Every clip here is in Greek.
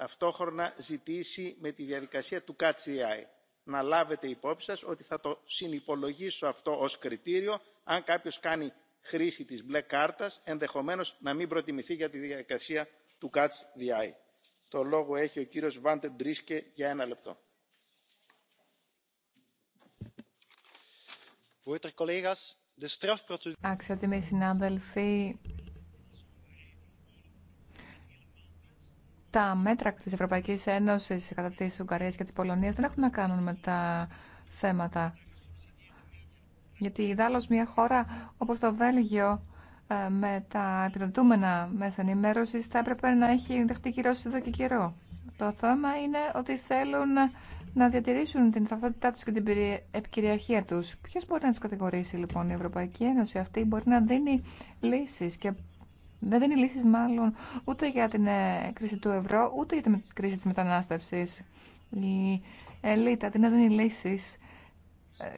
ταυτόχρονα ζητήσει με τη διαδικασία του catch Να λάβετε υπόψη σας ότι θα το συνυπολογίσω αυτό ως κριτήριο αν κάποιος κάνει χρήση της μπλε κάρτας ενδεχομένως να μην προτιμηθεί για τη διαδικασία του catch Το λόγο έχει ο κύριος Βάντε Ντρίσκε για ένα λεπτό. συνάδελφοι, τα μέτρα της Ευρωπαϊκής Ένωσης κατά της Ουγγαρίας και της Πολωνίας δεν έχουν να κάνουν με τα θέματα. Γιατί η μια χώρα όπως το Βέλγιο ε, με τα επιδοτούμενα μέσα ενημέρωση θα έπρεπε να έχει δεχτεί κυρώσει εδώ και καιρό. Το θέμα είναι ότι θέλουν να διατηρήσουν την ταυτότητά τους και την επικυριαρχία τους. Ποιος μπορεί να τους κατηγορήσει λοιπόν η Ευρωπαϊκή Ένωση αυτή μπορεί να δίνει λύσεις και δεν δίνει λύσει, μάλλον ούτε για την ε, κρίση του ευρώ, ούτε για την κρίση τη μετανάστευση. Η ελίτα δεν δίνει λύσεις. Ε,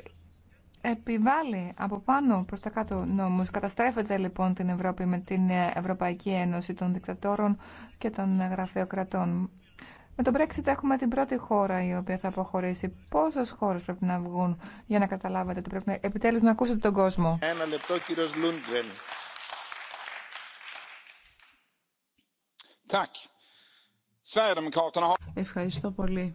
επιβάλλει από πάνω προς τα κάτω νόμους. Καταστρέφεται λοιπόν την Ευρώπη με την ε, Ευρωπαϊκή Ένωση των δικτατόρων και των γραφειοκρατών. Με το Brexit έχουμε την πρώτη χώρα η οποία θα αποχωρήσει. Πόσες χώρες πρέπει να βγουν για να καταλάβετε ότι πρέπει να... επιτέλους να ακούσετε τον κόσμο. Ένα λεπτό κύριος Λούντγκρεν. Ευχαριστώ πολύ.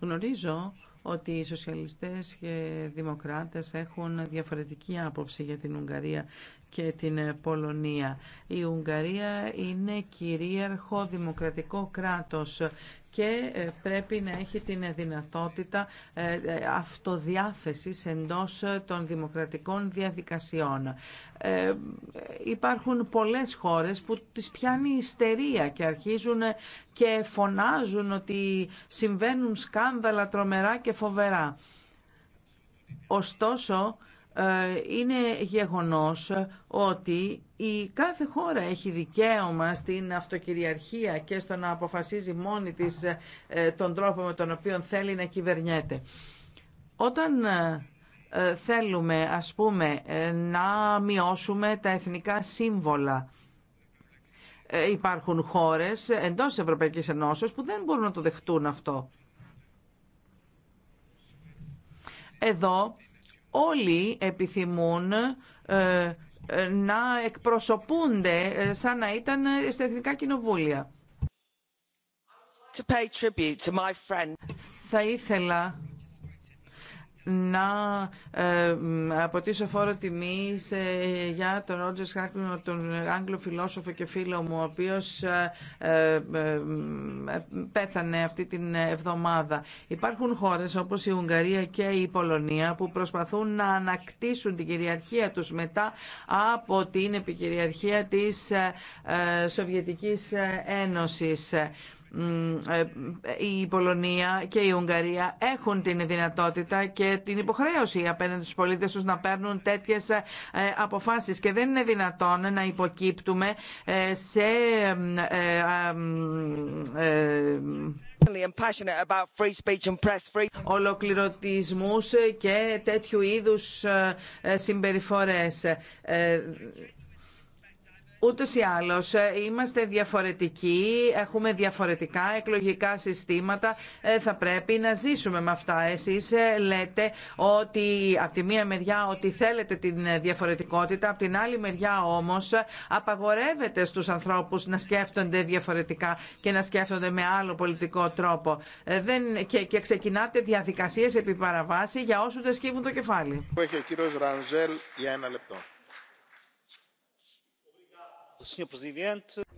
Γνωρίζω ότι οι σοσιαλιστές και δημοκράτες έχουν διαφορετική άποψη για την Ουγγαρία και την Πολωνία. Η Ουγγαρία είναι κυρίαρχο δημοκρατικό κράτος και ε, πρέπει να έχει την ε, δυνατότητα ε, αυτοδιάθεσης εντός των δημοκρατικών διαδικασιών. Υπάρχουν πολλές χώρες που τις πιάνει η ιστερία και αρχίζουν και φωνάζουν ότι συμβαίνουν σκάνδαλα τρομερά και φοβερά. Ωστόσο, ε, είναι γεγονός ότι η κάθε χώρα έχει δικαίωμα στην αυτοκυριαρχία και στο να αποφασίζει μόνη της ε, τον τρόπο με τον οποίο θέλει να κυβερνιέται. Όταν ε, θέλουμε, ας πούμε, να μειώσουμε τα εθνικά σύμβολα, υπάρχουν χώρες εντός Ευρωπαϊκής Ενώσεως που δεν μπορούν να το δεχτούν αυτό. Εδώ όλοι επιθυμούν ε, ε, να εκπροσωπούνται ε, σαν να ήταν στα εθνικά κοινοβούλια. Θα ήθελα να ε, αποτίσω φόρο τιμή ε, για τον Ρότζερ Χάρτμαν, τον Άγγλο φιλόσοφο και φίλο μου, ο οποίος ε, πέθανε αυτή την εβδομάδα. Υπάρχουν χώρες όπως η Ουγγαρία και η Πολωνία που προσπαθούν να ανακτήσουν την κυριαρχία τους μετά από την επικυριαρχία της Σοβιετικής Ένωσης. Ε, η Πολωνία και η Ουγγαρία έχουν την δυνατότητα και την υποχρέωση απέναντι στους πολίτες τους να παίρνουν τέτοιες ε, αποφάσεις και δεν είναι δυνατόν να υποκύπτουμε ε, σε ολοκληρωτισμούς και τέτοιου είδους συμπεριφορές. Ούτως ή άλλως ε, είμαστε διαφορετικοί, έχουμε διαφορετικά εκλογικά συστήματα, ε, θα πρέπει να ζήσουμε με αυτά. Εσείς ε, λέτε ότι από τη μία μεριά ότι θέλετε την διαφορετικότητα, από την άλλη μεριά όμως απαγορεύετε στους ανθρώπους να σκέφτονται διαφορετικά και να σκέφτονται με άλλο πολιτικό τρόπο. Δεν, και, και ξεκινάτε διαδικασίες επί παραβάση για όσους δεν σκύβουν το κεφάλι. Έχει ο κύριος Ρανζέλ για ένα λεπτό.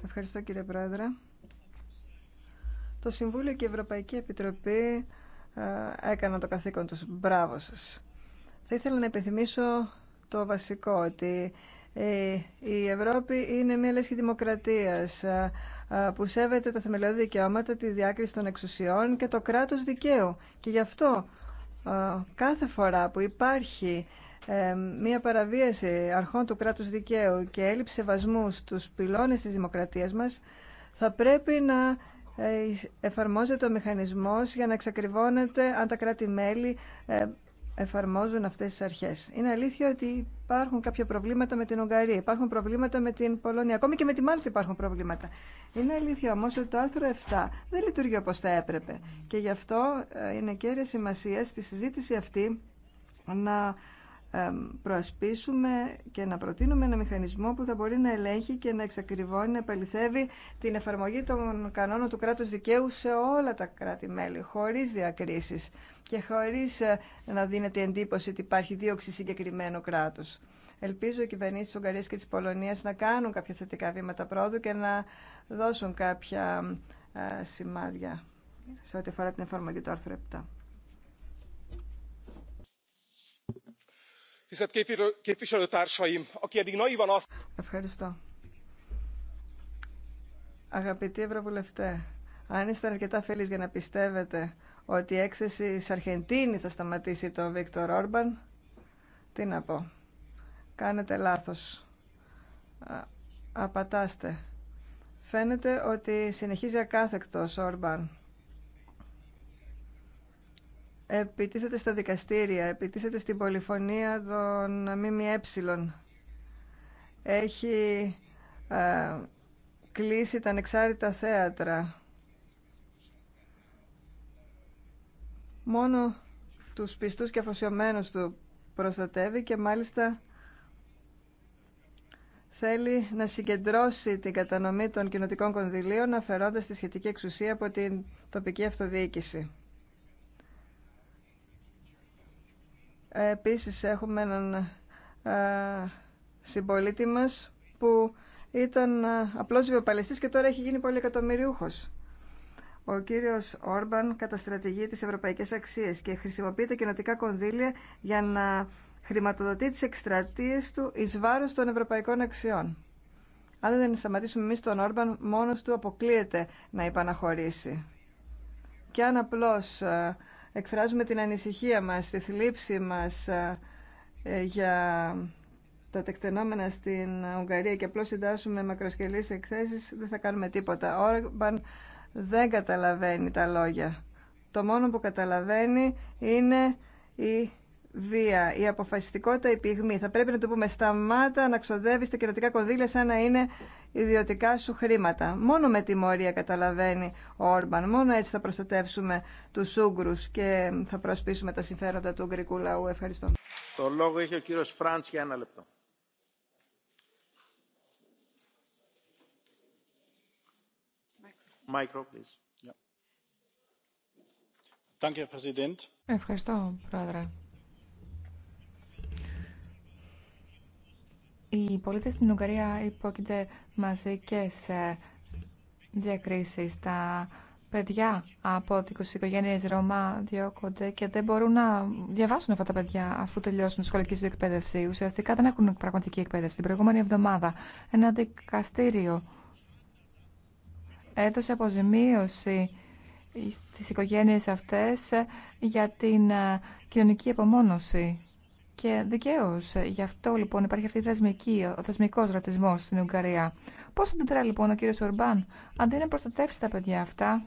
Ευχαριστώ κύριε Πρόεδρε. Το Συμβούλιο και η Ευρωπαϊκή Επιτροπή ε, έκαναν το καθήκον τους. Μπράβο σας. Θα ήθελα να επιθυμίσω το βασικό, ότι ε, η Ευρώπη είναι μια λέσχη δημοκρατίας ε, που σέβεται τα θεμελιώδη δικαιώματα, τη διάκριση των εξουσιών και το κράτος δικαίου. Και γι' αυτό κάθε φορά που υπάρχει ε, μία παραβίαση αρχών του κράτους δικαίου και έλλειψη σεβασμού στους πυλώνες της δημοκρατίας μας, θα πρέπει να ε, εφαρμόζεται ο μηχανισμός για να εξακριβώνεται αν τα κράτη-μέλη ε, εφαρμόζουν αυτές τις αρχές. Είναι αλήθεια ότι υπάρχουν κάποια προβλήματα με την Ουγγαρία, υπάρχουν προβλήματα με την Πολωνία, ακόμη και με τη Μάλτη υπάρχουν προβλήματα. Είναι αλήθεια όμως ότι το άρθρο 7 δεν λειτουργεί όπως θα έπρεπε και γι' αυτό είναι κέρια σημασία στη συζήτηση αυτή να προασπίσουμε και να προτείνουμε ένα μηχανισμό που θα μπορεί να ελέγχει και να εξακριβώνει, να επαληθεύει την εφαρμογή των κανόνων του κράτους δικαίου σε όλα τα κράτη-μέλη, χωρίς διακρίσεις και χωρίς ε, να δίνεται εντύπωση ότι υπάρχει δίωξη συγκεκριμένου κράτους. Ελπίζω οι κυβερνήσει τη Ουγγαρία και τη Πολωνία να κάνουν κάποια θετικά βήματα πρόοδου και να δώσουν κάποια ε, σημάδια σε ό,τι αφορά την εφαρμογή του άρθρου 7. Ευχαριστώ. Αγαπητοί Ευρωβουλευτέ, αν ήσταν αρκετά φίλοι για να πιστεύετε ότι η έκθεση Αρχεντίνη θα σταματήσει τον Βίκτορ Όρμπαν, τι να πω. Κάνετε λάθος. απατάστε. Φαίνεται ότι συνεχίζει ακάθεκτος ο Όρμπαν επιτίθεται στα δικαστήρια, επιτίθεται στην πολυφωνία των ΜΜΕ. Έχει ε, κλείσει τα ανεξάρτητα θέατρα. Μόνο τους πιστούς και αφοσιωμένους του προστατεύει και μάλιστα θέλει να συγκεντρώσει την κατανομή των κοινοτικών κονδυλίων αφαιρώντας τη σχετική εξουσία από την τοπική αυτοδιοίκηση. Επίσης έχουμε έναν ε, συμπολίτη μας που ήταν ε, απλός βιοπαλαιστής και τώρα έχει γίνει πολυεκατομμυριούχος. Ο κύριος Όρμπαν καταστρατηγεί τις ευρωπαϊκές αξίες και χρησιμοποιεί τα κοινοτικά κονδύλια για να χρηματοδοτεί τις εκστρατείες του εις βάρος των ευρωπαϊκών αξιών. Αν δεν σταματήσουμε εμεί τον Όρμπαν, μόνος του αποκλείεται να υπαναχωρήσει. Και αν απλώς ε, εκφράζουμε την ανησυχία μας, τη θλίψη μας ε, ε, για τα τεκτενόμενα στην Ουγγαρία και απλώς συντάσσουμε μακροσκελείς εκθέσεις, δεν θα κάνουμε τίποτα. Ο Όρμπαν δεν καταλαβαίνει τα λόγια. Το μόνο που καταλαβαίνει είναι η βία, η αποφασιστικότητα, η πυγμή. Θα πρέπει να του πούμε σταμάτα να ξοδεύεις τα κοινωτικά κονδύλια σαν να είναι ιδιωτικά σου χρήματα. Μόνο με τιμωρία καταλαβαίνει ο Όρμπαν. Μόνο έτσι θα προστατεύσουμε τους Ούγκρους και θα προσπίσουμε τα συμφέροντα του Ουγγρικού λαού. Ευχαριστώ. Το λόγο έχει ο κύριο για ένα λεπτό. Ευχαριστώ, Πρόεδρε. Οι πολίτες στην Ουγγαρία υπόκεινται σε διακρίσεις. Τα παιδιά από τις οικογένειες Ρωμά διώκονται και δεν μπορούν να διαβάσουν αυτά τα παιδιά αφού τελειώσουν τη σχολική του εκπαίδευση. Ουσιαστικά δεν έχουν πραγματική εκπαίδευση. Την προηγούμενη εβδομάδα ένα δικαστήριο έδωσε αποζημίωση στις οικογένειες αυτές για την κοινωνική απομόνωση και δικαίω γι' αυτό λοιπόν υπάρχει αυτή η θεσμική, ο θεσμικό ρατσισμό στην Ουγγαρία. Πώ αντιδρά λοιπόν ο κύριο Ορμπάν, αντί να προστατεύσει τα παιδιά αυτά,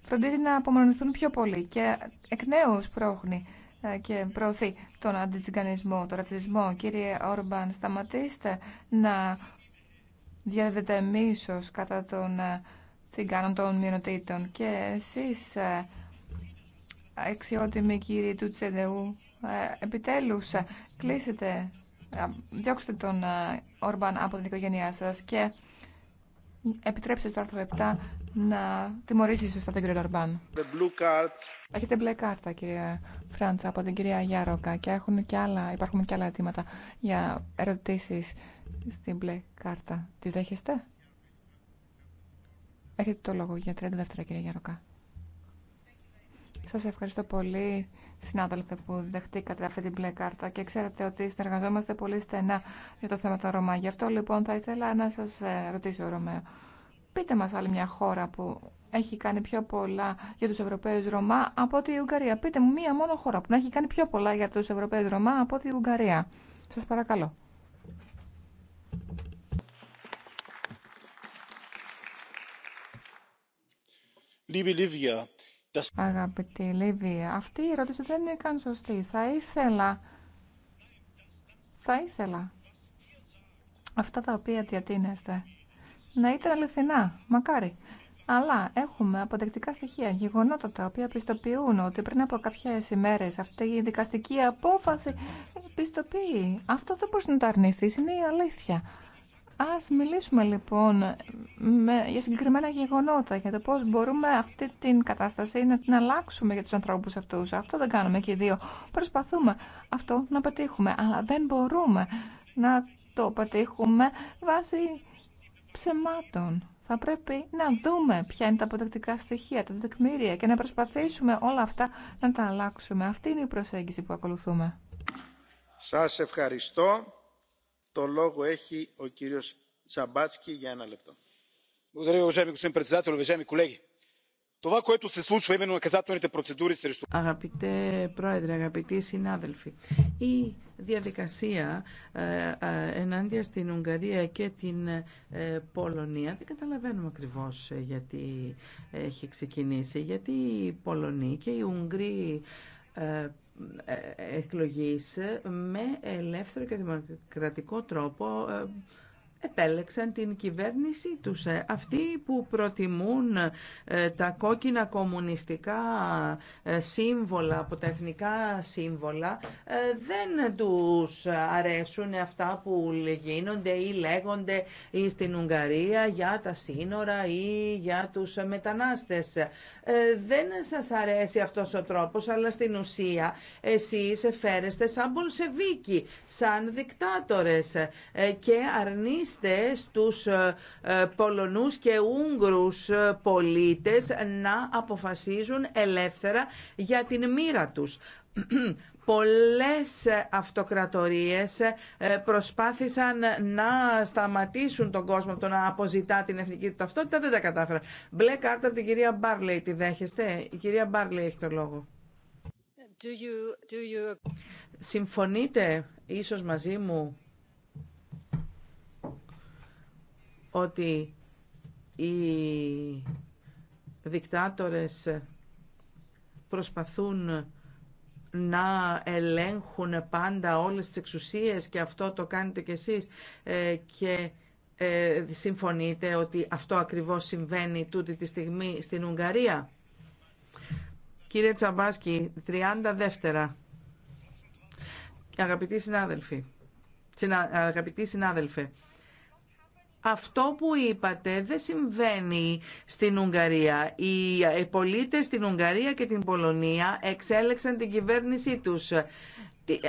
φροντίζει να απομονωθούν πιο πολύ και εκ νέου πρόχνει ε, και προωθεί τον αντιτσιγκανισμό, τον ρατσισμό. Κύριε Ορμπάν, σταματήστε να διαδεδετε κατά των ε, τσιγκάνων των μειονοτήτων και εσείς ε, αξιότιμοι κύριοι του Τσεντεού, ε, επιτέλους ε, κλείσετε, ε, διώξτε τον Ορμπάν από την οικογένειά σας και επιτρέψτε στο άρθρο 7 να τιμωρήσει σωστά τον κύριο Ορμπάν. Έχετε μπλε κάρτα, κυρία Φράντσα, από την κυρία Γιάροκα και, έχουν και άλλα, υπάρχουν και άλλα αιτήματα για ερωτήσεις στην μπλε κάρτα. Τη δέχεστε? Έχετε το λόγο για 30 δεύτερα, κυρία Γιάροκα. Σας ευχαριστώ πολύ, συνάδελφε, που δεχτήκατε αυτή την μπλε κάρτα και ξέρετε ότι συνεργαζόμαστε πολύ στενά για το θέμα των Ρωμά. Γι' αυτό, λοιπόν, θα ήθελα να σας ε, ρωτήσω, Ρωμαίο, πείτε μας άλλη μια χώρα που έχει κάνει πιο πολλά για τους Ευρωπαίους Ρωμά από ότι η Ουγγαρία. Πείτε μου μία μόνο χώρα που να έχει κάνει πιο πολλά για τους Ευρωπαίους Ρωμά από ότι Ουγγαρία. Σας παρακαλώ. Liebe Livia, Αγαπητή Λίβια, αυτή η ερώτηση δεν είναι καν σωστή. Θα ήθελα... Θα ήθελα... Αυτά τα οποία διατείνεστε να ήταν αληθινά, μακάρι. Αλλά έχουμε αποτεκτικά στοιχεία, γεγονότα τα οποία πιστοποιούν ότι πριν από κάποιε ημέρε αυτή η δικαστική απόφαση πιστοποιεί. Αυτό δεν μπορεί να το αρνηθεί, είναι η αλήθεια. Ας μιλήσουμε λοιπόν με, για συγκεκριμένα γεγονότα, για το πώς μπορούμε αυτή την κατάσταση να την αλλάξουμε για τους ανθρώπους αυτούς. Αυτό δεν κάνουμε και οι δύο. Προσπαθούμε αυτό να πετύχουμε, αλλά δεν μπορούμε να το πετύχουμε βάσει ψεμάτων. Θα πρέπει να δούμε ποια είναι τα αποδεκτικά στοιχεία, τα δεκμήρια και να προσπαθήσουμε όλα αυτά να τα αλλάξουμε. Αυτή είναι η προσέγγιση που ακολουθούμε. Σας ευχαριστώ. Το λόγο έχει ο κύριος Τσαμπάτσκι για ένα λεπτό. Αγαπητέ Πρόεδρε, αγαπητοί συνάδελφοι, η διαδικασία ε, ε, ενάντια στην Ουγγαρία και την ε, Πολωνία δεν καταλαβαίνουμε ακριβώς γιατί έχει ξεκινήσει. Γιατί οι Πολωνοί και οι Ουγγροί ε, ε, εκλογής με ελεύθερο και δημοκρατικό τρόπο ε, επέλεξαν την κυβέρνησή τους. Ε, αυτοί που προτιμούν ε, τα κόκκινα κομμουνιστικά ε, σύμβολα από τα εθνικά σύμβολα δεν τους αρέσουν αυτά που γίνονται ή λέγονται ή στην Ουγγαρία για τα σύνορα ή για τους μετανάστες. Δεν σας αρέσει αυτός ο τρόπος, αλλά στην ουσία εσείς φέρεστε σαν Πολσεβίκοι, σαν δικτάτορες και αρνείς τους ε, ε, Πολωνούς και Ούγγρους ε, πολίτες να αποφασίζουν ελεύθερα για την μοίρα τους. Πολλές αυτοκρατορίες προσπάθησαν να σταματήσουν τον κόσμο από το να αποζητά την εθνική του ταυτότητα, δεν τα κατάφεραν. Μπλε κάρτα από την κυρία Μπάρλεϊ, τη δέχεστε. Η κυρία Μπάρλεϊ έχει το λόγο. Do you, Συμφωνείτε ίσως μαζί μου ότι οι δικτάτορες προσπαθούν να ελέγχουν πάντα όλες τις εξουσίες και αυτό το κάνετε κι εσείς ε, και ε, συμφωνείτε ότι αυτό ακριβώς συμβαίνει τούτη τη στιγμή στην Ουγγαρία. Κύριε Τσαμπάσκι, 30 δεύτερα. Αγαπητοί συνάδελφοι, αγαπητοί συνάδελφε, αυτό που είπατε δεν συμβαίνει στην Ουγγαρία. Οι πολίτες στην Ουγγαρία και την Πολωνία εξέλεξαν την κυβέρνησή τους.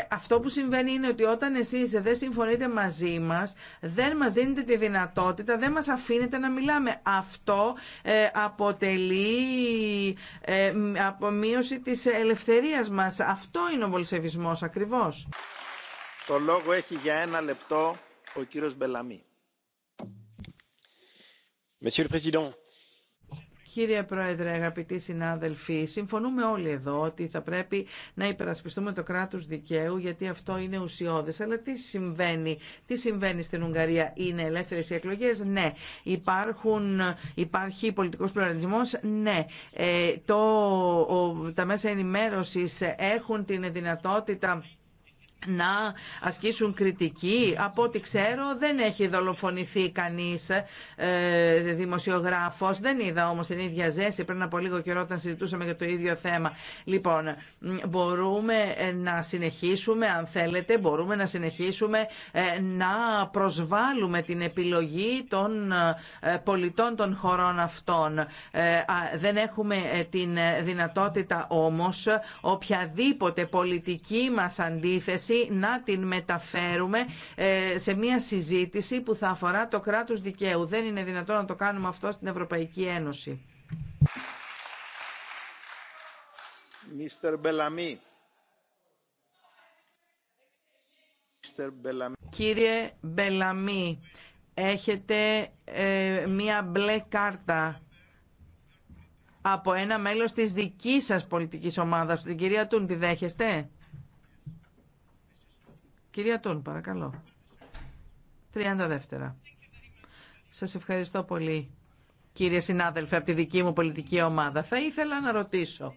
Αυτό που συμβαίνει είναι ότι όταν εσείς δεν συμφωνείτε μαζί μας, δεν μας δίνετε τη δυνατότητα, δεν μας αφήνετε να μιλάμε. Αυτό ε, αποτελεί ε, απομείωση της ελευθερίας μας. Αυτό είναι ο βολσεβισμός ακριβώς. Το λόγο έχει για ένα λεπτό ο κύριος Μπελαμή. Κύριε Πρόεδρε, αγαπητοί συνάδελφοι, συμφωνούμε όλοι εδώ ότι θα πρέπει να υπερασπιστούμε το κράτος δικαίου γιατί αυτό είναι ουσιώδες. Αλλά τι συμβαίνει, τι συμβαίνει στην Ουγγαρία, είναι ελεύθερες οι εκλογές, ναι. Υπάρχουν, υπάρχει πολιτικός πλουραλισμός, ναι. Ε, το, τα μέσα ενημέρωσης έχουν την δυνατότητα να ασκήσουν κριτική. Από ό,τι ξέρω δεν έχει δολοφονηθεί κανείς ε, δημοσιογράφος. Δεν είδα όμως την ίδια ζέση πριν από λίγο καιρό όταν συζητούσαμε για το ίδιο θέμα. Λοιπόν, μπορούμε ε, να συνεχίσουμε, αν θέλετε, μπορούμε να συνεχίσουμε ε, να προσβάλλουμε την επιλογή των ε, πολιτών των χωρών αυτών. δεν έχουμε την δυνατότητα όμως οποιαδήποτε πολιτική μας αντίθεση να την μεταφέρουμε ε, σε μια συζήτηση που θα αφορά το κράτος δικαίου. Δεν είναι δυνατόν να το κάνουμε αυτό στην Ευρωπαϊκή Ένωση. Κύριε Μπελαμή, έχετε ε, μία μπλε κάρτα από ένα μέλος της δικής σας πολιτικής ομάδας, την κυρία Τούν, τη δέχεστε? Κυρία Τούν, παρακαλώ. 30 δεύτερα. Σας ευχαριστώ πολύ, κύριε συνάδελφε, από τη δική μου πολιτική ομάδα. Θα ήθελα να ρωτήσω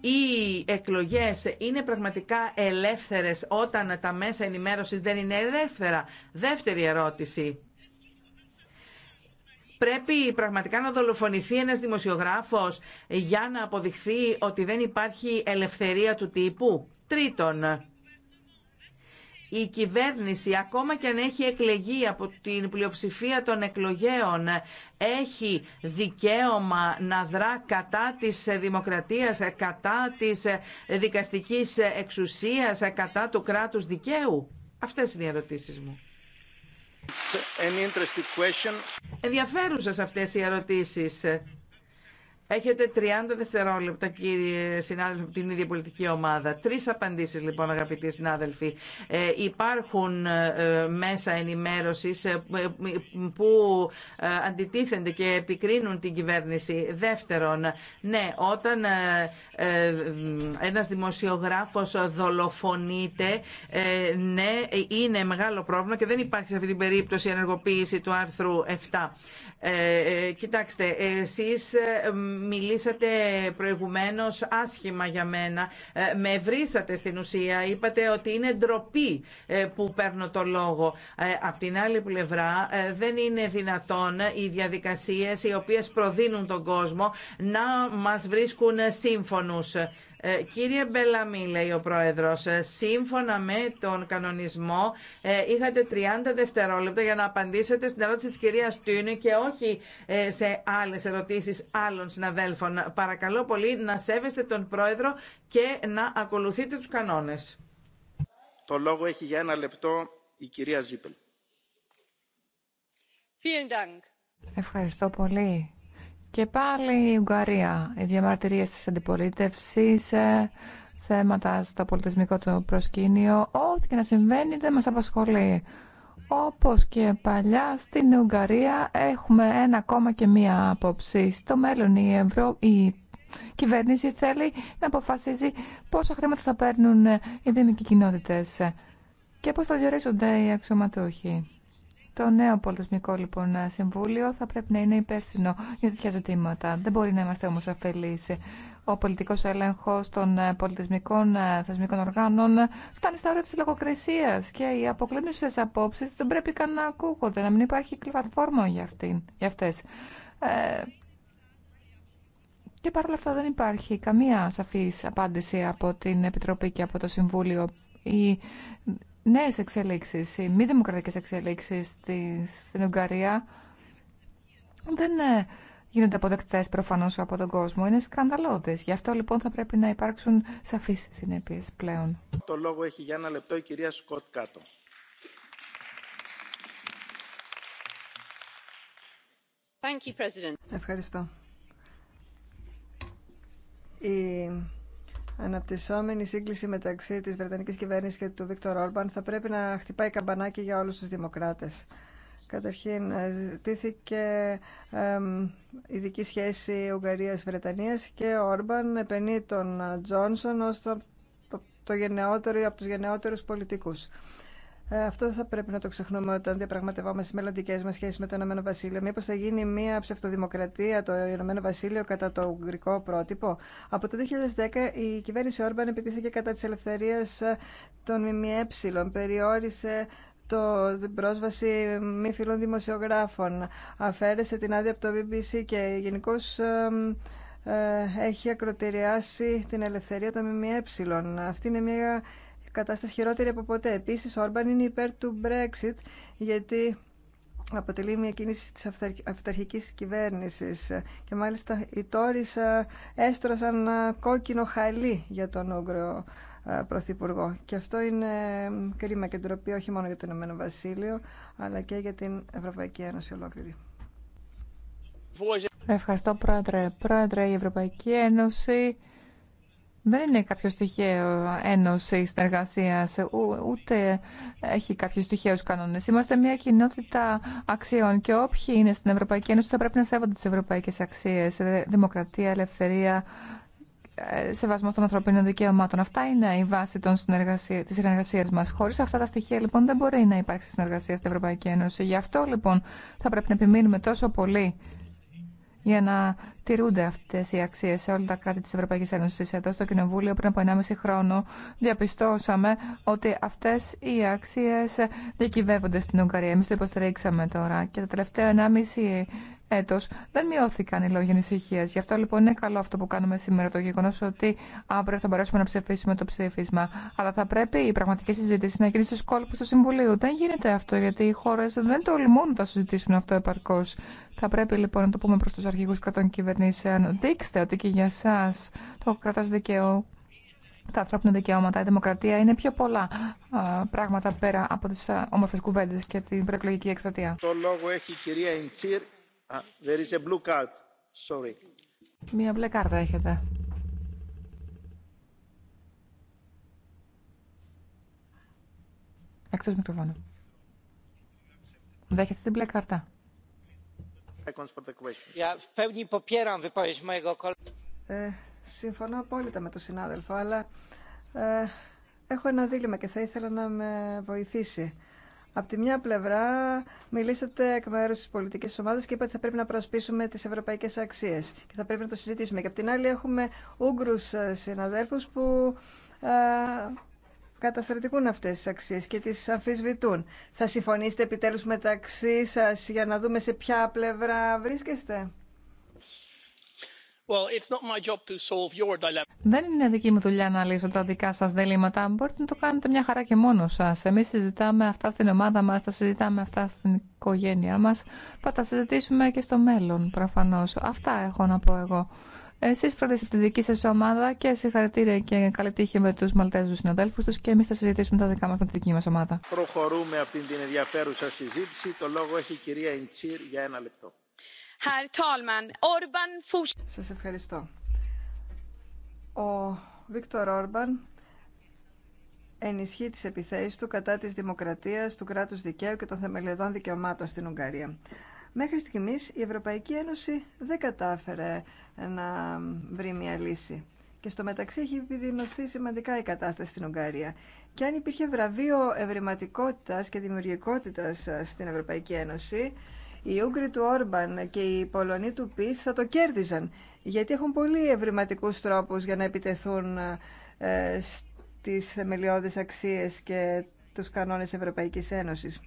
οι εκλογές είναι πραγματικά ελεύθερες όταν τα μέσα ενημέρωσης δεν είναι ελεύθερα. Δεύτερη ερώτηση. Πρέπει πραγματικά να δολοφονηθεί ένας δημοσιογράφος για να αποδειχθεί ότι δεν υπάρχει ελευθερία του τύπου. Τρίτον, η κυβέρνηση ακόμα και αν έχει εκλεγεί από την πλειοψηφία των εκλογέων έχει δικαίωμα να δρά κατά της δημοκρατίας, κατά της δικαστικής εξουσίας, κατά του κράτους δικαίου. Αυτές είναι οι ερωτήσεις μου. An Ενδιαφέρουσες αυτές οι ερωτήσεις. Έχετε 30 δευτερόλεπτα, κύριε συνάδελφοι από την ίδια πολιτική ομάδα. Τρει απαντήσει, λοιπόν, αγαπητοί συνάδελφοι. Ε, υπάρχουν ε, μέσα ενημέρωση ε, που αντιτίθενται και επικρίνουν την κυβέρνηση. Δεύτερον, ναι, όταν ένας δημοσιογράφος δολοφονείται, ναι, είναι μεγάλο πρόβλημα και δεν υπάρχει σε αυτή την περίπτωση ενεργοποίηση του άρθρου 7. Ε, ε, κοιτάξτε, εσείς ε, μιλήσατε προηγουμένως άσχημα για μένα. με βρίσατε στην ουσία. Είπατε ότι είναι ντροπή που παίρνω το λόγο. Ε, απ' την άλλη πλευρά δεν είναι δυνατόν οι διαδικασίες οι οποίες προδίνουν τον κόσμο να μας βρίσκουν σύμφωνους. Ε, κύριε Μπελαμή, λέει ο Πρόεδρος, ε, σύμφωνα με τον κανονισμό ε, είχατε 30 δευτερόλεπτα για να απαντήσετε στην ερώτηση της κυρίας Τούνη και όχι σε άλλες ερωτήσεις άλλων συναδέλφων. Παρακαλώ πολύ να σέβεστε τον Πρόεδρο και να ακολουθείτε τους κανόνες. Το λόγο έχει για ένα λεπτό η κυρία Ζίπελ. Ευχαριστώ πολύ και πάλι η Ουγγαρία, οι διαμαρτυρίες της αντιπολίτευσης, ε, θέματα στο πολιτισμικό το προσκήνιο, ό,τι και να συμβαίνει δεν μας απασχολεί. Όπως και παλιά στην Ουγγαρία έχουμε ένα ακόμα και μία άποψη. Στο μέλλον η, Ευρω... η κυβέρνηση θέλει να αποφασίζει πόσα χρήματα θα παίρνουν οι δημικοί κοινότητες και πώς θα διορίζονται οι αξιωματούχοι. Το νέο πολιτισμικό λοιπόν συμβούλιο θα πρέπει να είναι υπεύθυνο για τέτοια ζητήματα. Δεν μπορεί να είμαστε όμως αφελείς. Ο πολιτικός έλεγχος των ε, πολιτισμικών ε, θεσμικών οργάνων φτάνει στα όρια της λογοκρισίας και οι αποκλίνουσες απόψεις δεν πρέπει καν να ακούγονται, να μην υπάρχει πλατφόρμα για, αυτέ. για αυτές. Ε, και παρ' όλα αυτά δεν υπάρχει καμία σαφή απάντηση από την Επιτροπή και από το Συμβούλιο. Η νέε εξελίξει, οι μη δημοκρατικές εξελίξεις στην Ουγγαρία δεν ε, γίνονται αποδεκτέ προφανώς από τον κόσμο. Είναι σκανδαλώδε. Γι' αυτό λοιπόν θα πρέπει να υπάρξουν σαφείς συνέπειες πλέον. Το λόγο έχει για ένα λεπτό η κυρία Σκοτ Κάτω. Thank you, President. Ευχαριστώ. Η αναπτυσσόμενη σύγκληση μεταξύ της Βρετανικής κυβέρνησης και του Βίκτορ Όρμπαν θα πρέπει να χτυπάει καμπανάκι για όλους τους δημοκράτες. Καταρχήν, ε, ζητήθηκε ειδική σχέση Ουγγαρίας-Βρετανίας και ο Όρμπαν επενεί τον ε, Τζόνσον ως το, το, το γενναιότερο από τους γενναιότερους πολιτικούς. Ε, αυτό δεν θα πρέπει να το ξεχνούμε όταν διαπραγματευόμαστε τι μελλοντικέ μα σχέσει με το Ηνωμένο Βασίλειο. Μήπω θα γίνει μια ψευτοδημοκρατία το Ηνωμένο Βασίλειο κατά το ουγγρικό πρότυπο. Από το 2010 η κυβέρνηση Όρμπαν επιτίθεται κατά τη ελευθερία ε, των ΜΜΕ, περιόρισε το, την πρόσβαση μη φίλων δημοσιογράφων, αφαίρεσε την άδεια από το BBC και γενικώ ε, ε, έχει ακροτηριάσει την ελευθερία των ΜΜΕ. Αυτή είναι μια κατάσταση χειρότερη από ποτέ. Επίσης, ο Όρμπαν είναι υπέρ του Brexit, γιατί αποτελεί μια κίνηση της αυταρχικής κυβέρνησης και μάλιστα οι Τόρις ε, έστρωσαν κόκκινο χαλί για τον Ούγκρο ε, Πρωθυπουργό και αυτό είναι κρίμα και ντροπή όχι μόνο για το Ηνωμένο Βασίλειο αλλά και για την Ευρωπαϊκή Ένωση ολόκληρη. Ευχαριστώ Πρόεδρε. Πρόεδρε, η Ευρωπαϊκή Ένωση δεν είναι κάποιο στοιχείο ένωση συνεργασία, ούτε έχει κάποιου στοιχείου κανόνε. Είμαστε μια κοινότητα αξιών και όποιοι είναι στην Ευρωπαϊκή Ένωση θα πρέπει να σέβονται τι ευρωπαϊκέ αξίε, ε, δημοκρατία, ελευθερία, ε, σεβασμό των ανθρωπίνων δικαιωμάτων. Αυτά είναι η βάση τη συνεργασία, μα. Χωρί αυτά τα στοιχεία λοιπόν δεν μπορεί να υπάρξει συνεργασία στην Ευρωπαϊκή Ένωση. Γι' αυτό λοιπόν θα πρέπει να επιμείνουμε τόσο πολύ για να τηρούνται αυτέ οι αξίε σε όλα τα κράτη τη Ευρωπαϊκή Ένωση. Εδώ στο Κοινοβούλιο, πριν από 1,5 χρόνο, διαπιστώσαμε ότι αυτέ οι αξίε διακυβεύονται στην Ουγγαρία. Εμεί το υποστηρίξαμε τώρα και τα τελευταία 1,5 έτος δεν μειώθηκαν οι λόγοι ανησυχία. Γι' αυτό λοιπόν είναι καλό αυτό που κάνουμε σήμερα, το γεγονό ότι αύριο θα μπορέσουμε να ψηφίσουμε το ψήφισμα. Αλλά θα πρέπει η πραγματική συζήτηση να γίνει στου κόλπου του Συμβουλίου. Δεν γίνεται αυτό γιατί οι χώρε δεν τολμούν να συζητήσουν αυτό επαρκώ θα πρέπει λοιπόν να το πούμε προς τους αρχηγούς κρατών κυβερνήσεων. Δείξτε ότι και για σας το κρατός δικαίου, τα ανθρώπινα δικαιώματα, η δημοκρατία είναι πιο πολλά πράγματα πέρα από τις α, όμορφες κουβέντες και την προεκλογική εκστρατεία. Το λόγο έχει η κυρία Ιντσίρ. there is a Μία μπλε κάρτα έχετε. Εκτός μικροφώνου. Δέχεστε την μπλε κάρτα. Ε, συμφωνώ απόλυτα με τον συνάδελφο, αλλά ε, έχω ένα δίλημα και θα ήθελα να με βοηθήσει. Απ' τη μια πλευρά μιλήσατε εκ μέρου τη πολιτική ομάδα και είπατε ότι θα πρέπει να προσπίσουμε τι ευρωπαϊκέ αξίε και θα πρέπει να το συζητήσουμε. Και απ' την άλλη έχουμε Ούγγρου ε, συναδέλφου που καταστρατηγούν αυτές τις αξίες και τις αμφισβητούν. Θα συμφωνήσετε επιτέλους μεταξύ σας για να δούμε σε ποια πλευρά βρίσκεστε. Well, it's not my job to solve your Δεν είναι δική μου δουλειά να λύσω τα δικά σας διλήμματα. Μπορείτε να το κάνετε μια χαρά και μόνο σας. Εμείς συζητάμε αυτά στην ομάδα μας, τα συζητάμε αυτά στην οικογένειά μας. Θα τα συζητήσουμε και στο μέλλον προφανώς. Αυτά έχω να πω εγώ. Εσεί φροντίσετε τη δική σα ομάδα και συγχαρητήρια και καλή τύχη με του Μαλτέζου συναδέλφου του και εμεί θα συζητήσουμε τα δικά μα με τη δική μα ομάδα. Προχωρούμε αυτή την ενδιαφέρουσα συζήτηση. Το λόγο έχει η κυρία Ιντσίρ για ένα λεπτό. Σα ευχαριστώ. Ο Βίκτορ Όρμπαν ενισχύει τις επιθέσεις του κατά της δημοκρατίας, του κράτους δικαίου και των θεμελιωδών δικαιωμάτων στην Ουγγαρία. Μέχρι στιγμής η Ευρωπαϊκή Ένωση δεν κατάφερε να βρει μια λύση. Και στο μεταξύ έχει επιδεινωθεί σημαντικά η κατάσταση στην Ουγγαρία. Και αν υπήρχε βραβείο ευρηματικότητα και δημιουργικότητα ε, στην Ευρωπαϊκή Ένωση, οι Ούγγροι του Όρμπαν και οι Πολωνοί του Πις θα το κέρδιζαν. Γιατί έχουν πολύ ευρηματικού τρόπου για να επιτεθούν ε, στι θεμελιώδει αξίε και του κανόνε Ευρωπαϊκή Ένωση.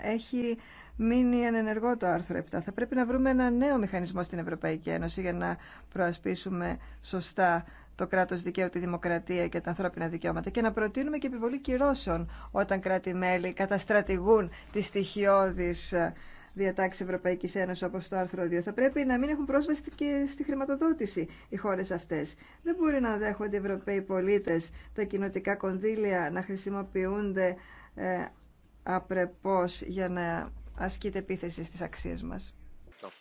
Έχει μείνει ανενεργό το άρθρο 7. Θα πρέπει να βρούμε ένα νέο μηχανισμό στην Ευρωπαϊκή Ένωση για να προασπίσουμε σωστά το κράτο δικαίου, τη δημοκρατία και τα ανθρώπινα δικαιώματα και να προτείνουμε και επιβολή κυρώσεων όταν κράτη-μέλη καταστρατηγούν τι στοιχειώδει ε, διατάξει Ευρωπαϊκή Ένωση όπω το άρθρο 2. Θα πρέπει να μην έχουν πρόσβαση και στη χρηματοδότηση οι χώρε αυτέ. Δεν μπορεί να δέχονται οι Ευρωπαίοι πολίτε τα κοινοτικά κονδύλια να χρησιμοποιούνται ε, απρεπώς για να ασκείται επίθεση στις αξίες μας. Σα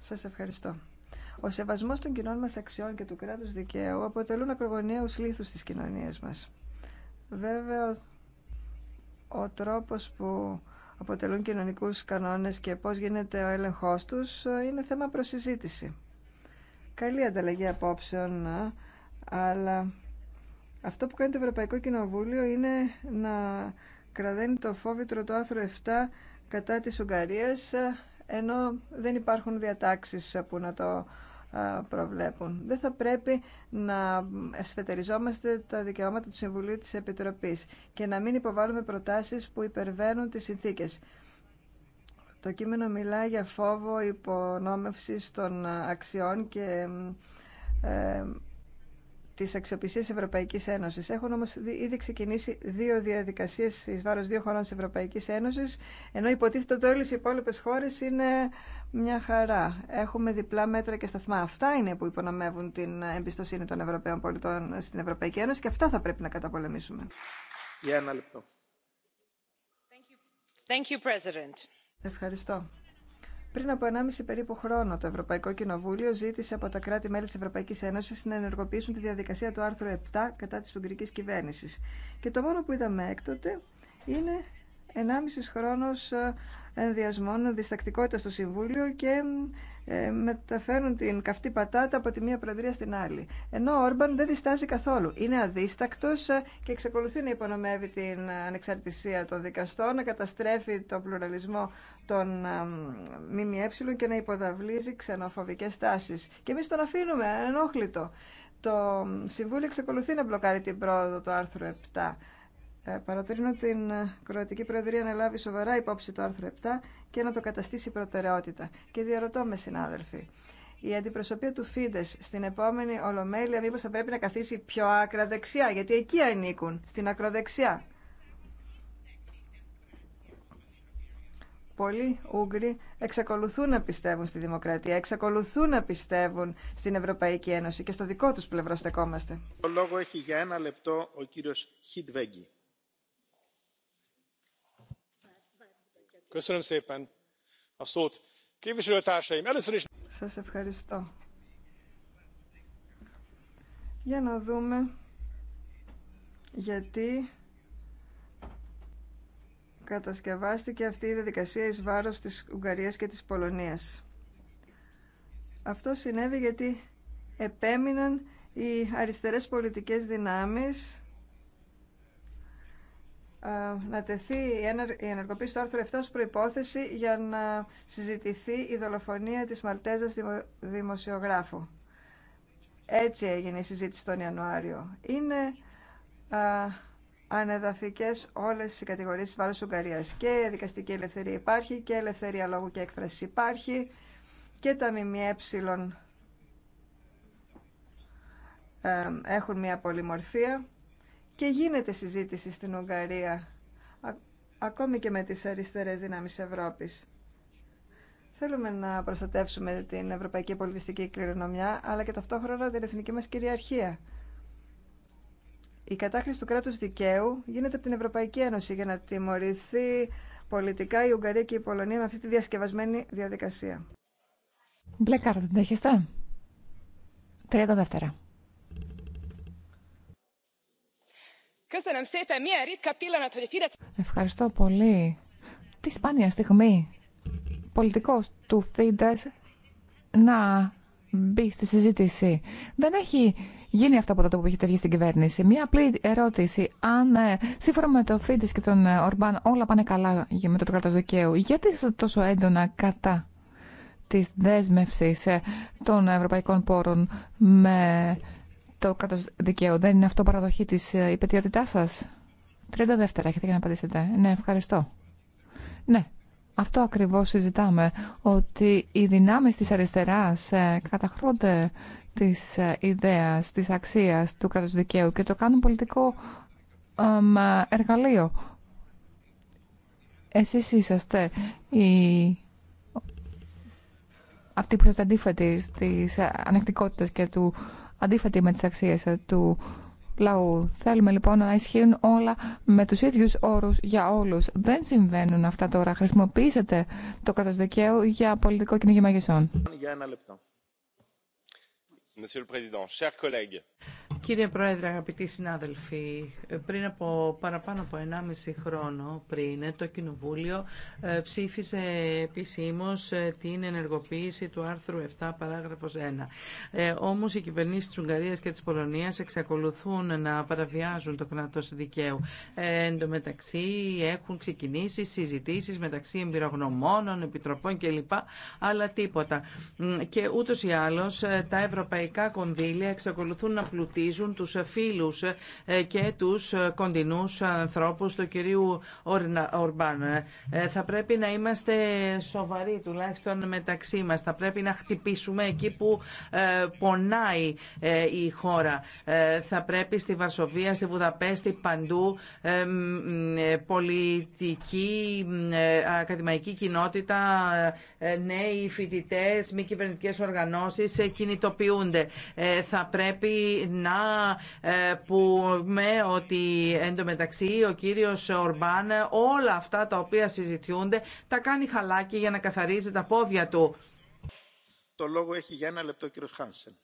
Σας ευχαριστώ. Ο σεβασμός των κοινών μας αξιών και του κράτους δικαίου αποτελούν ακρογωνιαίους λίθους στις κοινωνίες μας. Βέβαια, ο τρόπος που αποτελούν κοινωνικούς κανόνες και πώς γίνεται ο έλεγχός τους είναι θέμα προσυζήτηση. Καλή ανταλλαγή απόψεων, αλλά αυτό που κάνει το Ευρωπαϊκό Κοινοβούλιο είναι να κραδένει το φόβητρο του άρθρου 7 κατά της Ουγγαρίας, ενώ δεν υπάρχουν διατάξεις που να το προβλέπουν. Δεν θα πρέπει να εσφετεριζόμαστε τα δικαιώματα του Συμβουλίου της Επιτροπής και να μην υποβάλλουμε προτάσεις που υπερβαίνουν τις συνθήκες. Το κείμενο μιλά για φόβο υπονόμευσης των αξιών και ε, της τη Ευρωπαϊκής Ένωσης. Έχουν όμως ήδη ξεκινήσει δύο διαδικασίες ει βάρος δύο χωρών τη Ευρωπαϊκής Ένωσης, ενώ υποτίθεται ότι όλε οι υπόλοιπε χώρες είναι μια χαρά. Έχουμε διπλά μέτρα και σταθμά. Αυτά είναι που υπονομεύουν την εμπιστοσύνη των Ευρωπαίων πολιτών στην Ευρωπαϊκή Ένωση και αυτά θα πρέπει να καταπολεμήσουμε. Για ένα λεπτό. Thank you, President. Ευχαριστώ. Πριν από 1,5 περίπου χρόνο, το Ευρωπαϊκό Κοινοβούλιο ζήτησε από τα κράτη-μέλη τη Ευρωπαϊκή Ένωση να ενεργοποιήσουν τη διαδικασία του άρθρου 7 κατά τη Ουγγρική κυβέρνηση. Και το μόνο που είδαμε έκτοτε είναι 1,5 χρόνο ε, ενδιασμών, διστακτικότητα στο Συμβούλιο και ε, μεταφέρουν την καυτή πατάτα από τη μία προεδρία στην άλλη. Ενώ ο Όρμπαν δεν διστάζει καθόλου. Είναι αδίστακτος ε, και εξακολουθεί να υπονομεύει την ανεξαρτησία των δικαστών, να καταστρέφει τον πλουραλισμό των ΜΜΕ και να υποδαβλίζει ξενοφοβικέ τάσει. Και εμεί τον αφήνουμε ενόχλητο. Το Συμβούλιο εξακολουθεί να μπλοκάρει την πρόοδο του άρθρου 7. Ε, Παρατηρήνω την Κροατική Προεδρία να λάβει σοβαρά υπόψη το άρθρο 7 και να το καταστήσει προτεραιότητα. Και διαρωτώ με συνάδελφοι, η αντιπροσωπεία του Φίντε στην επόμενη Ολομέλεια μήπως θα πρέπει να καθίσει πιο δεξιά, γιατί εκεί ανήκουν, στην ακροδεξιά. Πολλοί Ούγγροι εξακολουθούν να πιστεύουν στη δημοκρατία, εξακολουθούν να πιστεύουν στην Ευρωπαϊκή Ένωση και στο δικό τους πλευρό στεκόμαστε. Το λόγο έχει για ένα λεπτό ο κύριος Χιτβέγγι. Σας ευχαριστώ. Για να δούμε γιατί κατασκευάστηκε αυτή η διαδικασία εις βάρος της Ουγγαρίας και της Πολωνίας. Αυτό συνέβη γιατί επέμειναν οι αριστερές πολιτικές δυνάμεις ε, να τεθεί η ενεργοποίηση του άρθρου 7 ως προϋπόθεση για να συζητηθεί η δολοφονία της Μαλτέζας δημοσιογράφου. Έτσι έγινε η συζήτηση τον Ιανουάριο. Είναι α, ε, ανεδαφικές όλες οι κατηγορίες βάρος Ουγγαρίας. Και δικαστική ελευθερία υπάρχει και ελευθερία λόγου και έκφρασης υπάρχει και τα ΜΜΕ ε, έχουν μια πολυμορφία και γίνεται συζήτηση στην Ουγγαρία, ακόμη και με τις αριστερές δυνάμεις Ευρώπης. Θέλουμε να προστατεύσουμε την ευρωπαϊκή πολιτιστική κληρονομιά, αλλά και ταυτόχρονα την εθνική μας κυριαρχία. Η κατάχρηση του κράτους δικαίου γίνεται από την Ευρωπαϊκή Ένωση για να τιμωρηθεί πολιτικά η Ουγγαρία και η Πολωνία με αυτή τη διασκευασμένη διαδικασία. Μπλε κάρτα, δέχεστε. Ευχαριστώ πολύ. Τι σπάνια στιγμή πολιτικός του Φίντες να μπει στη συζήτηση. Δεν έχει γίνει αυτό από τότε που έχετε βγει στην κυβέρνηση. Μία απλή ερώτηση. Αν ε, σύμφωνα με το Φίντες και τον ε, Ορμπάν όλα πάνε καλά με το κράτος δικαίου, γιατί είστε τόσο έντονα κατά της δέσμευσης ε, των ευρωπαϊκών πόρων με το κράτο δικαίου. Δεν είναι αυτό παραδοχή τη υπετιότητά ε, σα. 30 δεύτερα έχετε για να απαντήσετε. Ναι, ευχαριστώ. Ναι, αυτό ακριβώς συζητάμε. Ότι οι δυνάμει τη αριστερά ε, καταχρώνται τη ε, ιδέας, της αξίας του κράτους δικαίου και το κάνουν πολιτικό εργαλείο. Εσείς είσαστε οι αυτοί που είστε αντίθετοι στις ανεκτικότητες και του αντίθετη με τι αξίε ε, του λαού. Θέλουμε λοιπόν να ισχύουν όλα με του ίδιου όρου για όλου. Δεν συμβαίνουν αυτά τώρα. Χρησιμοποιήσετε το κράτο δικαίου για πολιτικό κυνήγι μαγισσών. Κύριε Πρόεδρε, αγαπητοί συνάδελφοι, πριν από παραπάνω από 1,5 χρόνο πριν το Κοινοβούλιο ε, ψήφισε επίσημω ε, την ενεργοποίηση του άρθρου 7 παράγραφος 1. Ε, όμως οι κυβερνήσει τη Ουγγαρία και τη Πολωνία εξακολουθούν να παραβιάζουν το κράτο δικαίου. Ε, εν τω μεταξύ έχουν ξεκινήσει συζητήσει μεταξύ εμπειρογνωμόνων, επιτροπών κλπ. Αλλά τίποτα. Και ούτω ή άλλω ε, τα ευρωπαϊκά κονδύλια εξακολουθούν να πλουτίζουν στηρίζουν τους φίλους ε, και τους ε, κοντινούς ανθρώπους του κυρίου Ορμπάν. Ε, θα πρέπει να είμαστε σοβαροί τουλάχιστον μεταξύ μας. Θα πρέπει να χτυπήσουμε εκεί που πονάει η χώρα. Θα πρέπει στη Βαρσοβία, στη Βουδαπέστη, παντού πολιτική, ακαδημαϊκή κοινότητα, νέοι φοιτητέ, μη κυβερνητικέ οργανώσεις κινητοποιούνται. Θα πρέπει να ε, που με ότι εντωμεταξύ ο κύριος Ορμπάν όλα αυτά τα οποία συζητιούνται τα κάνει χαλάκι για να καθαρίζει τα πόδια του. Το λόγο έχει για ένα λεπτό ο Χάνσεν.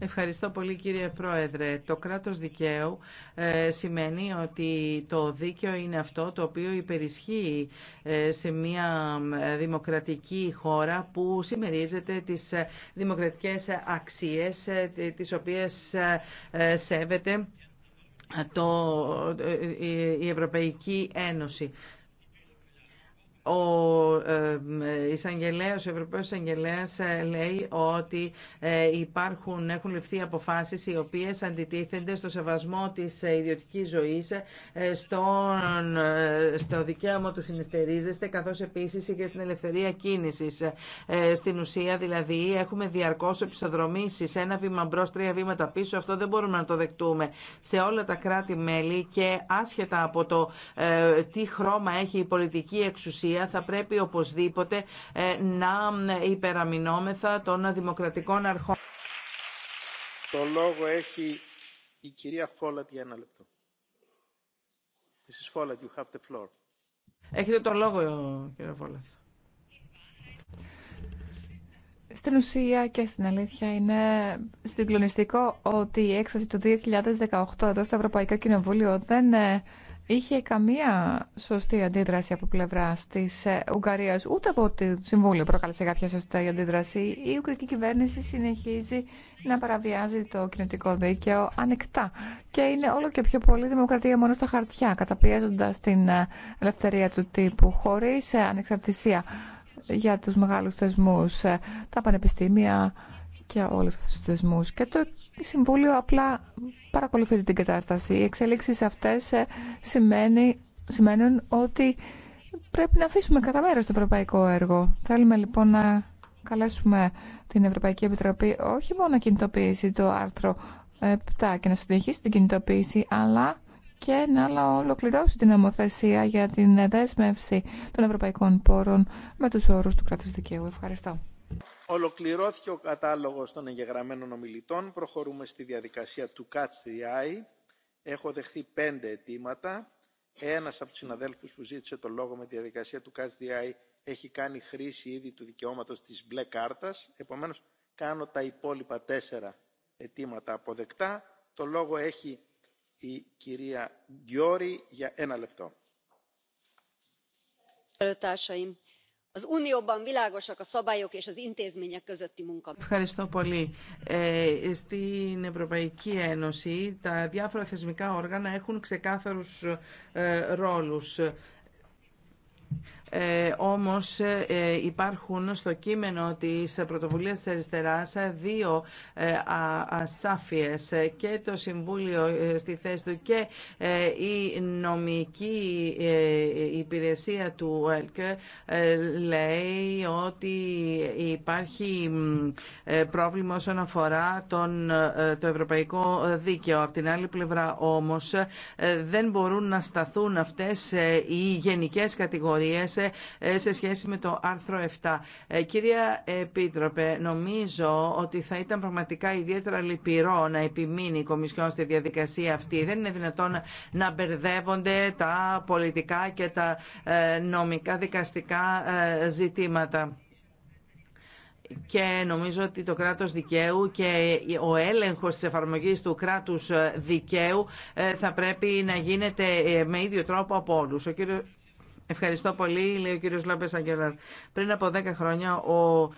Ευχαριστώ πολύ κύριε Πρόεδρε. Το κράτος δικαίου ε, σημαίνει ότι το δίκαιο είναι αυτό το οποίο υπερισχύει ε, σε μια ε, δημοκρατική χώρα που συμμερίζεται τις δημοκρατικές αξίες τις οποίες σέβεται το, η Ευρωπαϊκή Ένωση ο ο Ευρωπαίος Εισαγγελέας ε, λέει ότι ε, υπάρχουν, έχουν ληφθεί αποφάσεις οι οποίες αντιτίθενται στο σεβασμό της ε, ιδιωτικής ζωής, στον, στο δικαίωμα του συνεστερίζεστε, καθώς επίσης και στην ελευθερία κίνησης. Στην ουσία δηλαδή έχουμε διαρκώς επισοδρομήσεις, ένα βήμα μπρο, τρία βήματα πίσω, αυτό δεν μπορούμε να το δεχτούμε. Σε όλα τα κράτη-μέλη και άσχετα από το τι χρώμα έχει η πολιτική εξουσία, θα πρέπει οπωσδήποτε ε, να υπεραμεινόμεθα των δημοκρατικών αρχών. Το λόγο έχει η κυρία Φόλατ για ένα λεπτό. Έχετε το λόγο, κύριε Φόλατ. Στην ουσία και στην αλήθεια είναι συγκλονιστικό ότι η έκθεση του 2018 εδώ στο Ευρωπαϊκό Κοινοβούλιο δεν ε, είχε καμία σωστή αντίδραση από πλευρά τη ε, Ουγγαρία, ούτε από το Συμβούλιο προκάλεσε κάποια σωστή αντίδραση. Η Ουγγρική κυβέρνηση συνεχίζει να παραβιάζει το κοινωτικό δίκαιο ανεκτά και είναι όλο και πιο πολύ δημοκρατία μόνο στα χαρτιά, καταπιέζοντα την ε, ελευθερία του τύπου χωρί ε, ανεξαρτησία για τους μεγάλους θεσμούς, τα πανεπιστήμια, για όλου αυτού του θεσμού. και το Συμβούλιο απλά παρακολουθεί την κατάσταση. Οι εξελίξει αυτέ ε, σημαίνει, σημαίνουν ότι πρέπει να αφήσουμε κατά μέρο το ευρωπαϊκό έργο. Θέλουμε λοιπόν να καλέσουμε την Ευρωπαϊκή Επιτροπή όχι μόνο να κινητοποιήσει το άρθρο 7 και να συνεχίσει την κινητοποίηση, αλλά και να ολοκληρώσει την νομοθεσία για την δέσμευση των ευρωπαϊκών πόρων με τους όρους του κράτους δικαίου. Ευχαριστώ. Ολοκληρώθηκε ο κατάλογος των εγγεγραμμένων ομιλητών. Προχωρούμε στη διαδικασία του Catch the Eye. Έχω δεχθεί πέντε αιτήματα. Ένας από τους συναδέλφους που ζήτησε το λόγο με τη διαδικασία του Catch the Eye έχει κάνει χρήση ήδη του δικαιώματος της μπλε κάρτας. Επομένως, κάνω τα υπόλοιπα τέσσερα αιτήματα αποδεκτά. Το λόγο έχει η κυρία Γκιόρη για ένα λεπτό. Az Unióban világosak a szabályok és az intézmények közötti munka. Ευχαριστώ πολύ. Ε, στην Ευρωπαϊκή Ένωση τα διάφορα θεσμικά όργανα έχουν ξεκάθαρους ε, ρόλους. Ε, όμως ε, υπάρχουν στο κείμενο της πρωτοβουλίας της αριστεράς δύο ε, ασάφειες και το Συμβούλιο στη θέση του και η νομική υπηρεσία του ΕΛΚ λέει ότι υπάρχει πρόβλημα όσον αφορά τον, το ευρωπαϊκό δίκαιο. Απ' την άλλη πλευρά όμως δεν μπορούν να σταθούν αυτές οι γενικές κατηγορίες ε, σε σχέση με το άρθρο 7. Ε, κυρία Επίτροπε, νομίζω ότι θα ήταν πραγματικά ιδιαίτερα λυπηρό να επιμείνει η Κομισιόν στη διαδικασία αυτή. Δεν είναι δυνατόν να μπερδεύονται τα πολιτικά και τα ε, νομικά δικαστικά ζητήματα και νομίζω ότι το κράτος δικαίου και ο έλεγχος της εφαρμογής του κράτους δικαίου θα πρέπει να γίνεται με ίδιο τρόπο από όλους. Ο κύριος... Ευχαριστώ πολύ, λέει ο κύριος Λόπες Αγγελάρ. Πριν από 10 χρόνια ο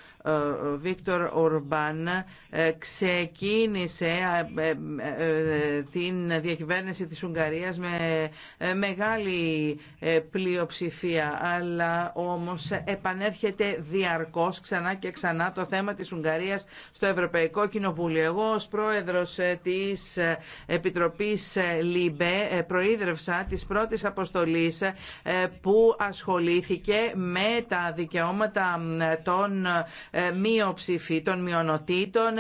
Βίκτορ Ορμπάν ε, ξεκίνησε ε, ε, την διακυβέρνηση της Ουγγαρίας με μεγάλη πλειοψηφία αλλά όμως επανέρχεται διαρκώς ξανά και ξανά το θέμα της Ουγγαρίας στο Ευρωπαϊκό Κοινοβούλιο. Εγώ ως πρόεδρος της Επιτροπής ΛΥΜΠΕ προείδρευσα της πρώτης αποστολής που ασχολήθηκε με τα δικαιώματα των ε, μειοψηφί των μειονοτήτων,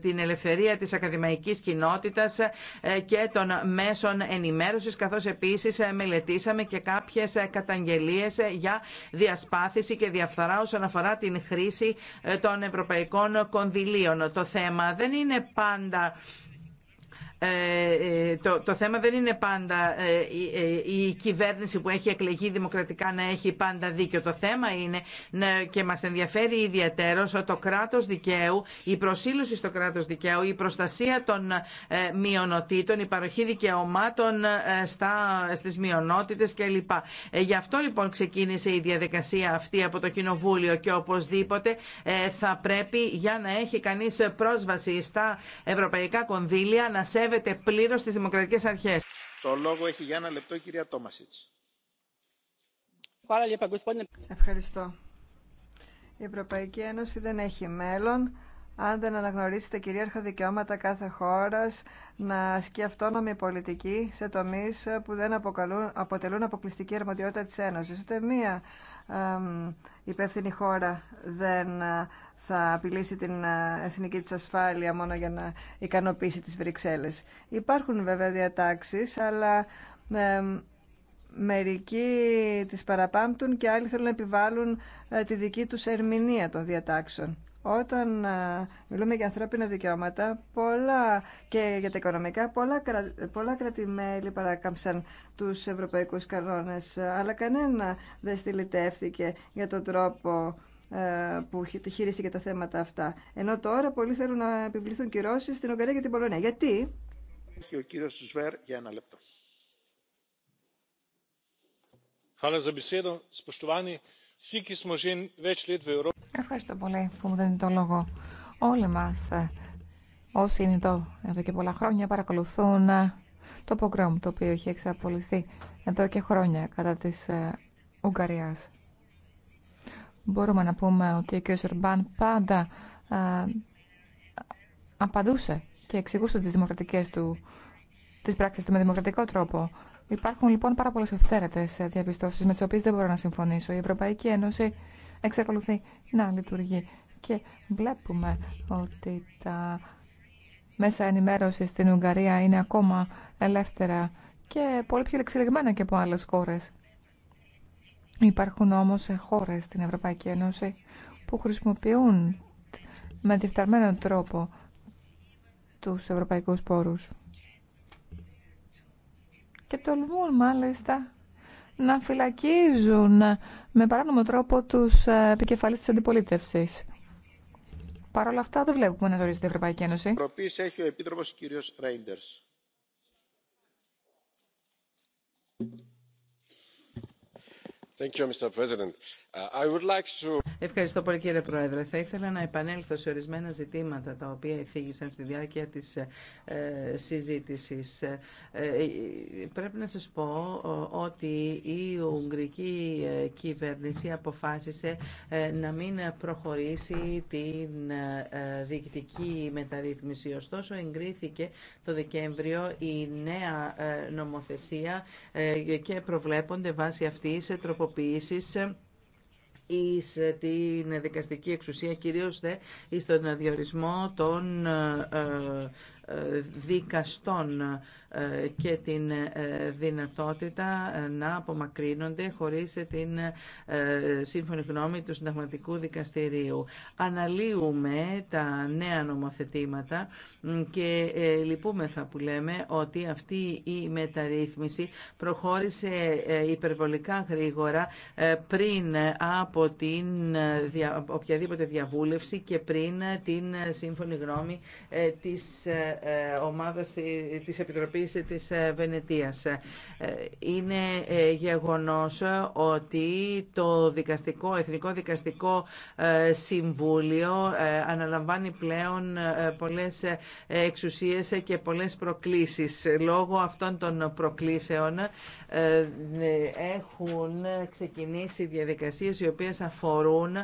την ελευθερία της ακαδημαϊκής κοινότητας ε, και των μέσων ενημέρωσης, καθώς επίσης ε, μελετήσαμε και κάποιες καταγγελίες για διασπάθηση και διαφθαρά όσον αφορά την χρήση των ευρωπαϊκών κονδυλίων. Το θέμα δεν είναι πάντα ε, ε, το, το θέμα δεν είναι πάντα ε, η κυβέρνηση που έχει εκλεγεί δημοκρατικά να έχει πάντα δίκιο. Το θέμα είναι και μας ενδιαφέρει ιδιαίτερος το κράτος δικαίου, η προσήλωση στο κράτος δικαίου, η προστασία των μειονοτήτων, η παροχή δικαιωμάτων στα, στις μειονότητες κλπ. Γι' αυτό λοιπόν ξεκίνησε η διαδικασία αυτή από το Κοινοβούλιο και οπωσδήποτε θα πρέπει για να έχει κανείς πρόσβαση στα ευρωπαϊκά κονδύλια σέβεται πλήρω τι δημοκρατικές αρχές. Το λόγο έχει για ένα λεπτό η κυρία Τόμασιτς. Ευχαριστώ. Η Ευρωπαϊκή Ένωση δεν έχει μέλλον αν δεν αναγνωρίσει τα κυρίαρχα δικαιώματα κάθε χώρας να ασκεί αυτόνομη πολιτική σε τομείς που δεν αποτελούν αποκλειστική αρμοδιότητα της Ένωσης. Ούτε μία υπεύθυνη χώρα δεν ε, θα απειλήσει την ε, εθνική της ασφάλεια μόνο για να ικανοποιήσει τις Βρυξέλλες. Υπάρχουν βέβαια διατάξεις, αλλά μερικοί τις παραπάμπτουν και άλλοι θέλουν να επιβάλλουν ε, τη δική τους ερμηνεία των διατάξεων. Όταν ε, μιλούμε για ανθρώπινα δικαιώματα πολλά και για τα οικονομικά, πολλά, πολλά κρατημέλη παράκαμψαν τους ευρωπαϊκούς κανόνες, ε, αλλά κανένα δεν στυλιτεύθηκε για τον τρόπο ε, που χειρίστηκε τα θέματα αυτά. Ενώ τώρα πολλοί θέλουν να επιβληθούν κυρώσει στην Ουγγαρία και την Πολωνία. Γιατί? Έχει ο κύριος για ένα λεπτό. Ευχαριστώ πολύ που μου δίνετε το λόγο. Όλοι μα, ε, όσοι είναι εδώ εδώ και πολλά χρόνια, παρακολουθούν ε, το πόγκρομ το οποίο έχει εξαπολυθεί εδώ και χρόνια κατά τη ε, Ουγγαρίας. Μπορούμε να πούμε ότι ο κ. Ορμπάν πάντα απαντούσε και εξηγούσε τι δημοκρατικέ του τις πράξεις του με δημοκρατικό τρόπο. Υπάρχουν λοιπόν πάρα πολλέ ευθέρετε διαπιστώσει με τι οποίε δεν μπορώ να συμφωνήσω. Η Ευρωπαϊκή Ένωση εξακολουθεί να λειτουργεί και βλέπουμε ότι τα μέσα ενημέρωση στην Ουγγαρία είναι ακόμα ελεύθερα και πολύ πιο εξελιγμένα και από άλλε χώρε. Υπάρχουν όμω χώρε στην Ευρωπαϊκή Ένωση που χρησιμοποιούν με διεφθαρμένο τρόπο τους ευρωπαϊκούς πόρους και τολμούν μάλιστα να φυλακίζουν με παράνομο τρόπο τους ε, επικεφαλείς της αντιπολίτευσης. Παρ' όλα αυτά δεν βλέπουμε να γνωρίζεται η Ευρωπαϊκή Ένωση. ο Επίτροπος Thank you, Mr. President. Ευχαριστώ πολύ κύριε Πρόεδρε. Θα ήθελα να επανέλθω σε ορισμένα ζητήματα τα οποία εθίγησαν στη διάρκεια της ε, συζήτησης. Ε, ε, πρέπει να σας πω ότι η Ουγγρική κυβέρνηση αποφάσισε να μην προχωρήσει την διοικητική μεταρρύθμιση. Ωστόσο εγκρίθηκε το Δεκέμβριο η νέα νομοθεσία και προβλέπονται βάσει αυτής τροποποιήσεις εις ε, την δικαστική εξουσία, κυρίως δε εις τον διορισμό των ε, ε, δικαστών ε, και την ε, δυνατότητα ε, να απομακρύνονται χωρίς την σύμφωνη γνώμη του Συνταγματικού Δικαστηρίου. Αναλύουμε τα νέα νομοθετήματα και λυπούμεθα που λέμε ότι αυτή η μεταρρύθμιση προχώρησε υπερβολικά γρήγορα πριν από την οποιαδήποτε διαβούλευση και πριν την σύμφωνη γνώμη της ομάδας της Επιτροπής της ε, Βενετίας. Ε, είναι ε, γεγονός ότι το δικαστικό, Εθνικό Δικαστικό Συμβούλιο αναλαμβάνει πλέον πολλές εξουσίες και πολλές προκλήσεις. Λόγω αυτών των προκλήσεων έχουν ξεκινήσει διαδικασίες οι οποίες αφορούν,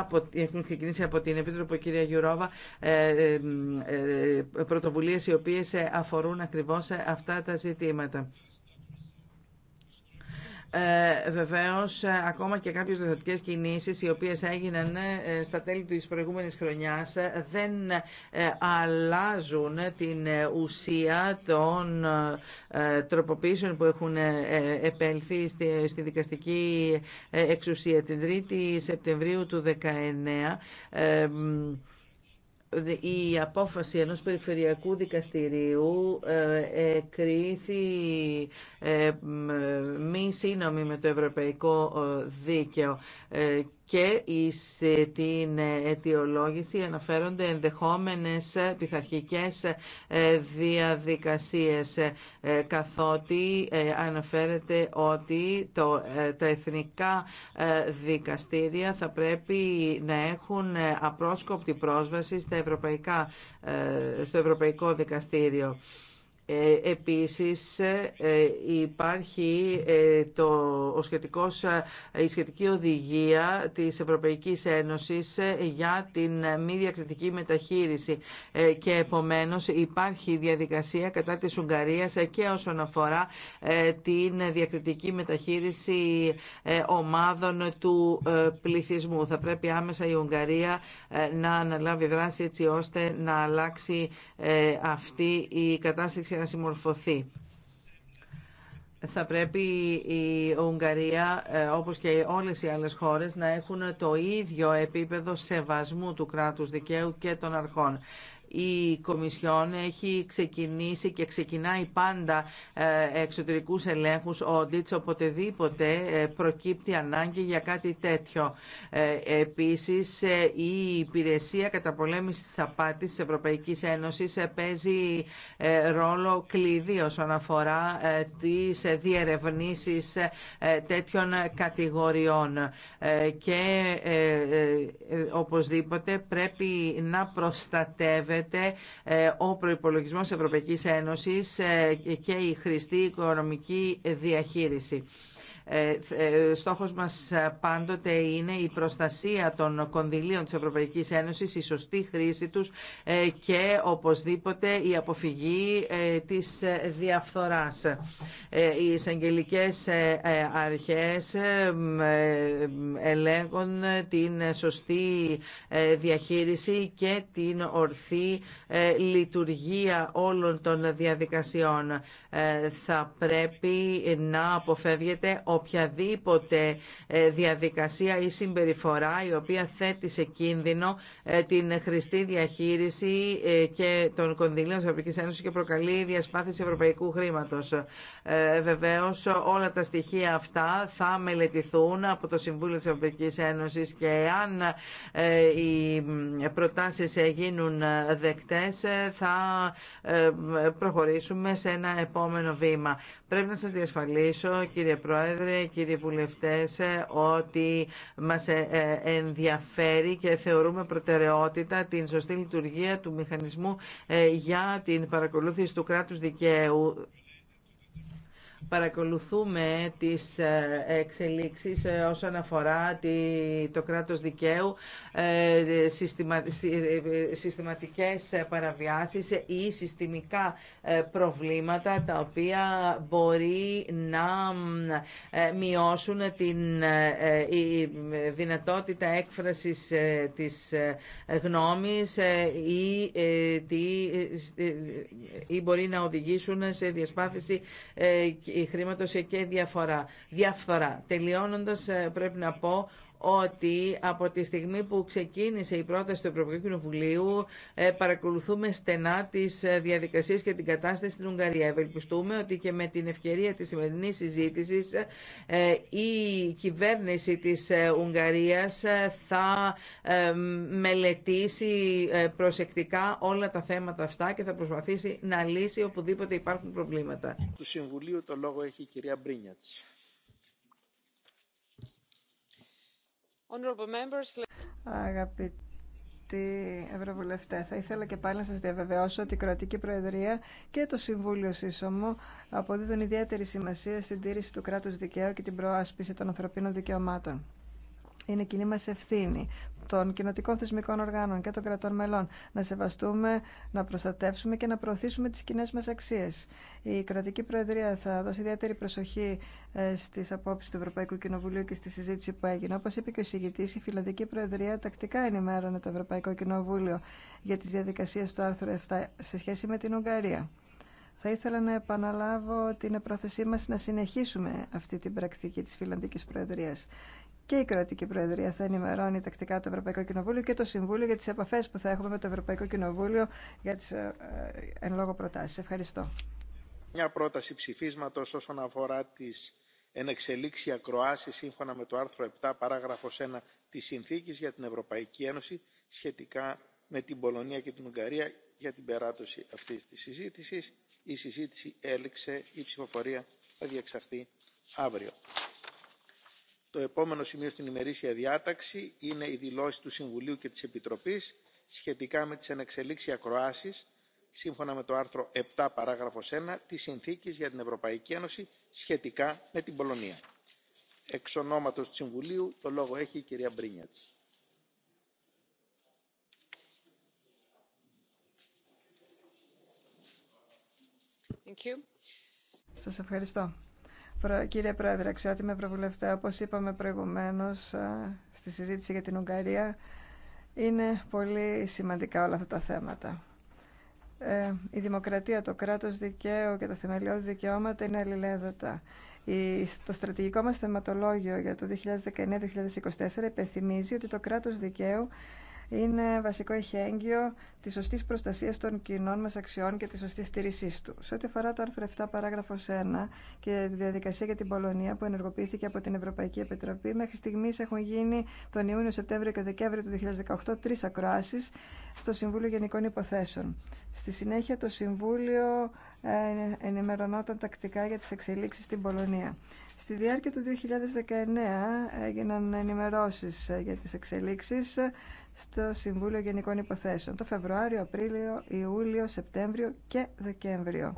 από, έχουν ξεκινήσει από την Επίτροπο κυρία Γιουρόβα, πρωτοβουλίες οι οποίες αφορούν ακριβώς αυτά τα ζητήματα. Ε, Βεβαίω, ακόμα και κάποιες διαθετικές κινήσεις οι οποίες έγιναν ε, στα τέλη τη προηγούμενη χρονιάς ε, δεν ε, αλλάζουν την ουσία των τροποποίησεων που έχουν επέλθει στη δικαστική εξουσία. Την 3η Σεπτεμβρίου του 2019 η απόφαση ενός περιφερειακού δικαστηρίου ε, κρίθη ε, ε, μη σύνομη με το ευρωπαϊκό δίκαιο και στην ε, ε, αιτιολόγηση αναφέρονται ενδεχόμενες ε, πειθαρχικές διαδικασίες καθότι αναφέρεται ότι το, τα εθνικά δικαστήρια θα πρέπει να έχουν απρόσκοπτη πρόσβαση στα ευρωπαϊκά, στο Ευρωπαϊκό Δικαστήριο. Ε, επίσης ε, υπάρχει ε, το, ο η σχετική οδηγία της Ευρωπαϊκής Ένωσης για την μη διακριτική μεταχείριση και επομένως υπάρχει διαδικασία κατά της Ουγγαρίας και όσον αφορά την διακριτική μεταχείριση ομάδων του πληθυσμού. Θα πρέπει άμεσα η Ουγγαρία να αναλάβει δράση έτσι ώστε να αλλάξει αυτή η κατάσταση να συμμορφωθεί. Θα πρέπει η Ουγγαρία, ε, όπως και όλες οι άλλες χώρες, να έχουν το ίδιο επίπεδο σεβασμού του κράτους δικαίου και των αρχών η Κομισιόν έχει ξεκινήσει και ξεκινάει πάντα ε, εξωτερικούς ελέγχους, audits, οποτεδήποτε ε, προκύπτει ανάγκη για κάτι τέτοιο. Ε, επίσης, η υπηρεσία καταπολέμησης της απάτης της Ευρωπαϊκής Ένωσης παίζει ρόλο κλειδί όσον αφορά τις διερευνήσεις τέτοιων κατηγοριών και οπωσδήποτε πρέπει να προστατεύεται ε, ο προϋπολογισμός Ευρωπαϊκής Ένωσης ε, και η χρηστή οικονομική διαχείριση. Ε, ε, στόχος μας πάντοτε είναι η προστασία των κονδυλίων της Ευρωπαϊκής Ένωσης, η σωστή χρήση τους ε, και οπωσδήποτε η αποφυγή της διαφθοράς. Οι εισαγγελικέ αρχές ελέγχουν την σωστή διαχείριση και την ορθή λειτουργία όλων των διαδικασιών. Θα πρέπει να αποφεύγεται οποιαδήποτε ε, διαδικασία ή συμπεριφορά η οποία θέτει σε κίνδυνο ε, την χρηστή διαχείριση ε, και των κονδυλίων της Ευρωπαϊκής Ένωσης και προκαλεί διασπάθηση ευρωπαϊκού χρήματος. Βεβαίως όλα τα στοιχεία αυτά θα μελετηθούν από το Συμβούλιο της Ευρωπαϊκής Ένωσης και αν οι προτάσεις γίνουν δεκτές θα προχωρήσουμε σε ένα επόμενο βήμα. Πρέπει να σας διασφαλίσω, κύριε Πρόεδρε, κύριε βουλευτές, ότι μας ε, ε, ενδιαφέρει και θεωρούμε προτεραιότητα την σωστή λειτουργία του μηχανισμού ε, για την παρακολούθηση του κράτους δικαίου παρακολουθούμε τις ε, εξελίξεις ε, όσον αφορά το κράτος δικαίου, ε, συστηματικές παραβιάσεις ή συστημικά προβλήματα τα οποία μπορεί να μειώσουν την δυνατότητα έκφρασης της γνώμης ή, ή μπορεί να οδηγήσουν σε διασπάθηση η χρήματος και διαφορά, διαφθορά. Τελειώνοντας ε, πρέπει να πω ότι από τη στιγμή που ξεκίνησε η πρόταση του Ευρωπαϊκού Κοινοβουλίου ε, παρακολουθούμε στενά τις ε, διαδικασίες και την κατάσταση στην Ουγγαρία. Ευελπιστούμε ότι και με την ευκαιρία της σημερινής συζήτησης ε, η κυβέρνηση της Ουγγαρίας θα μελετήσει προσεκτικά όλα τα θέματα αυτά και θα προσπαθήσει να λύσει οπουδήποτε υπάρχουν προβλήματα. Του Συμβουλίου το λόγο έχει η κυρία Μπρίνιατς. Αγαπητοί Ευρωβουλευτέ, θα ήθελα και πάλι να σας διαβεβαιώσω ότι η Κροατική Προεδρία και το Συμβούλιο Σύσσωμο αποδίδουν ιδιαίτερη σημασία στην τήρηση του κράτους δικαίου και την προάσπιση των ανθρωπίνων δικαιωμάτων είναι κοινή μας ευθύνη των κοινοτικών θεσμικών οργάνων και των κρατών μελών να σεβαστούμε, να προστατεύσουμε και να προωθήσουμε τις κοινέ μας αξίες. Η κρατική προεδρία θα δώσει ιδιαίτερη προσοχή ε, στις απόψεις του Ευρωπαϊκού Κοινοβουλίου και στη συζήτηση που έγινε. Όπως είπε και ο συγητή, η Φιλανδική Προεδρία τακτικά ενημέρωνε το Ευρωπαϊκό Κοινοβούλιο για τις διαδικασίες του άρθρου 7 σε σχέση με την Ουγγαρία. Θα ήθελα να επαναλάβω την πρόθεσή μα να συνεχίσουμε αυτή την πρακτική της Φιλανδικής Προεδρίας και η κρατική Προεδρία θα ενημερώνει τακτικά το Ευρωπαϊκό Κοινοβούλιο και το Συμβούλιο για τις επαφές που θα έχουμε με το Ευρωπαϊκό Κοινοβούλιο για τις ε, ε, εν λόγω προτάσεις. Ευχαριστώ. Μια πρόταση ψηφίσματος όσον αφορά τις ενεξελίξει ακροάσεις σύμφωνα με το άρθρο 7 παράγραφος 1 της Συνθήκης για την Ευρωπαϊκή Ένωση σχετικά με την Πολωνία και την Ουγγαρία για την περάτωση αυτής της συζήτησης. Η συζήτηση έληξε, η ψηφοφορία θα διεξαχθεί αύριο. Το επόμενο σημείο στην ημερήσια διάταξη είναι η δηλώση του Συμβουλίου και της Επιτροπής σχετικά με τις ανεξελίξει ακροάσεις σύμφωνα με το άρθρο 7 παράγραφος 1 της Συνθήκης για την Ευρωπαϊκή Ένωση σχετικά με την Πολωνία. Εξ ονόματος του Συμβουλίου το λόγο έχει η κυρία Μπρίνιατς. Thank Σας ευχαριστώ. Κύριε Πρόεδρε, αξιότιμη Ευρωβουλευτέ, όπως είπαμε προηγουμένως ε, στη συζήτηση για την Ουγγαρία, είναι πολύ σημαντικά όλα αυτά τα θέματα. Ε, η δημοκρατία, το κράτος δικαίου και τα θεμελιώδη δικαιώματα είναι αλληλένδετα. Το στρατηγικό μας θεματολόγιο για το 2019-2024 υπενθυμίζει ότι το κράτος δικαίου είναι βασικό εχέγγυο τη σωστή προστασία των κοινών μα αξιών και τη σωστή στήρισή του. Σε ό,τι αφορά το άρθρο 7, παράγραφο 1 και τη διαδικασία για την Πολωνία που ενεργοποιήθηκε από την Ευρωπαϊκή Επιτροπή, μέχρι στιγμή έχουν γίνει τον Ιούνιο, Σεπτέμβριο και Δεκέμβριο του 2018 τρει ακροάσει στο Συμβούλιο Γενικών Υποθέσεων. Στη συνέχεια, το Συμβούλιο ε, ενημερωνόταν τακτικά για τι εξελίξει στην Πολωνία. Στη διάρκεια του 2019 έγιναν ενημερώσεις ε, για τις εξελίξεις ε, στο Συμβούλιο Γενικών Υποθέσεων το Φεβρουάριο, Απρίλιο, Ιούλιο, Σεπτέμβριο και Δεκέμβριο.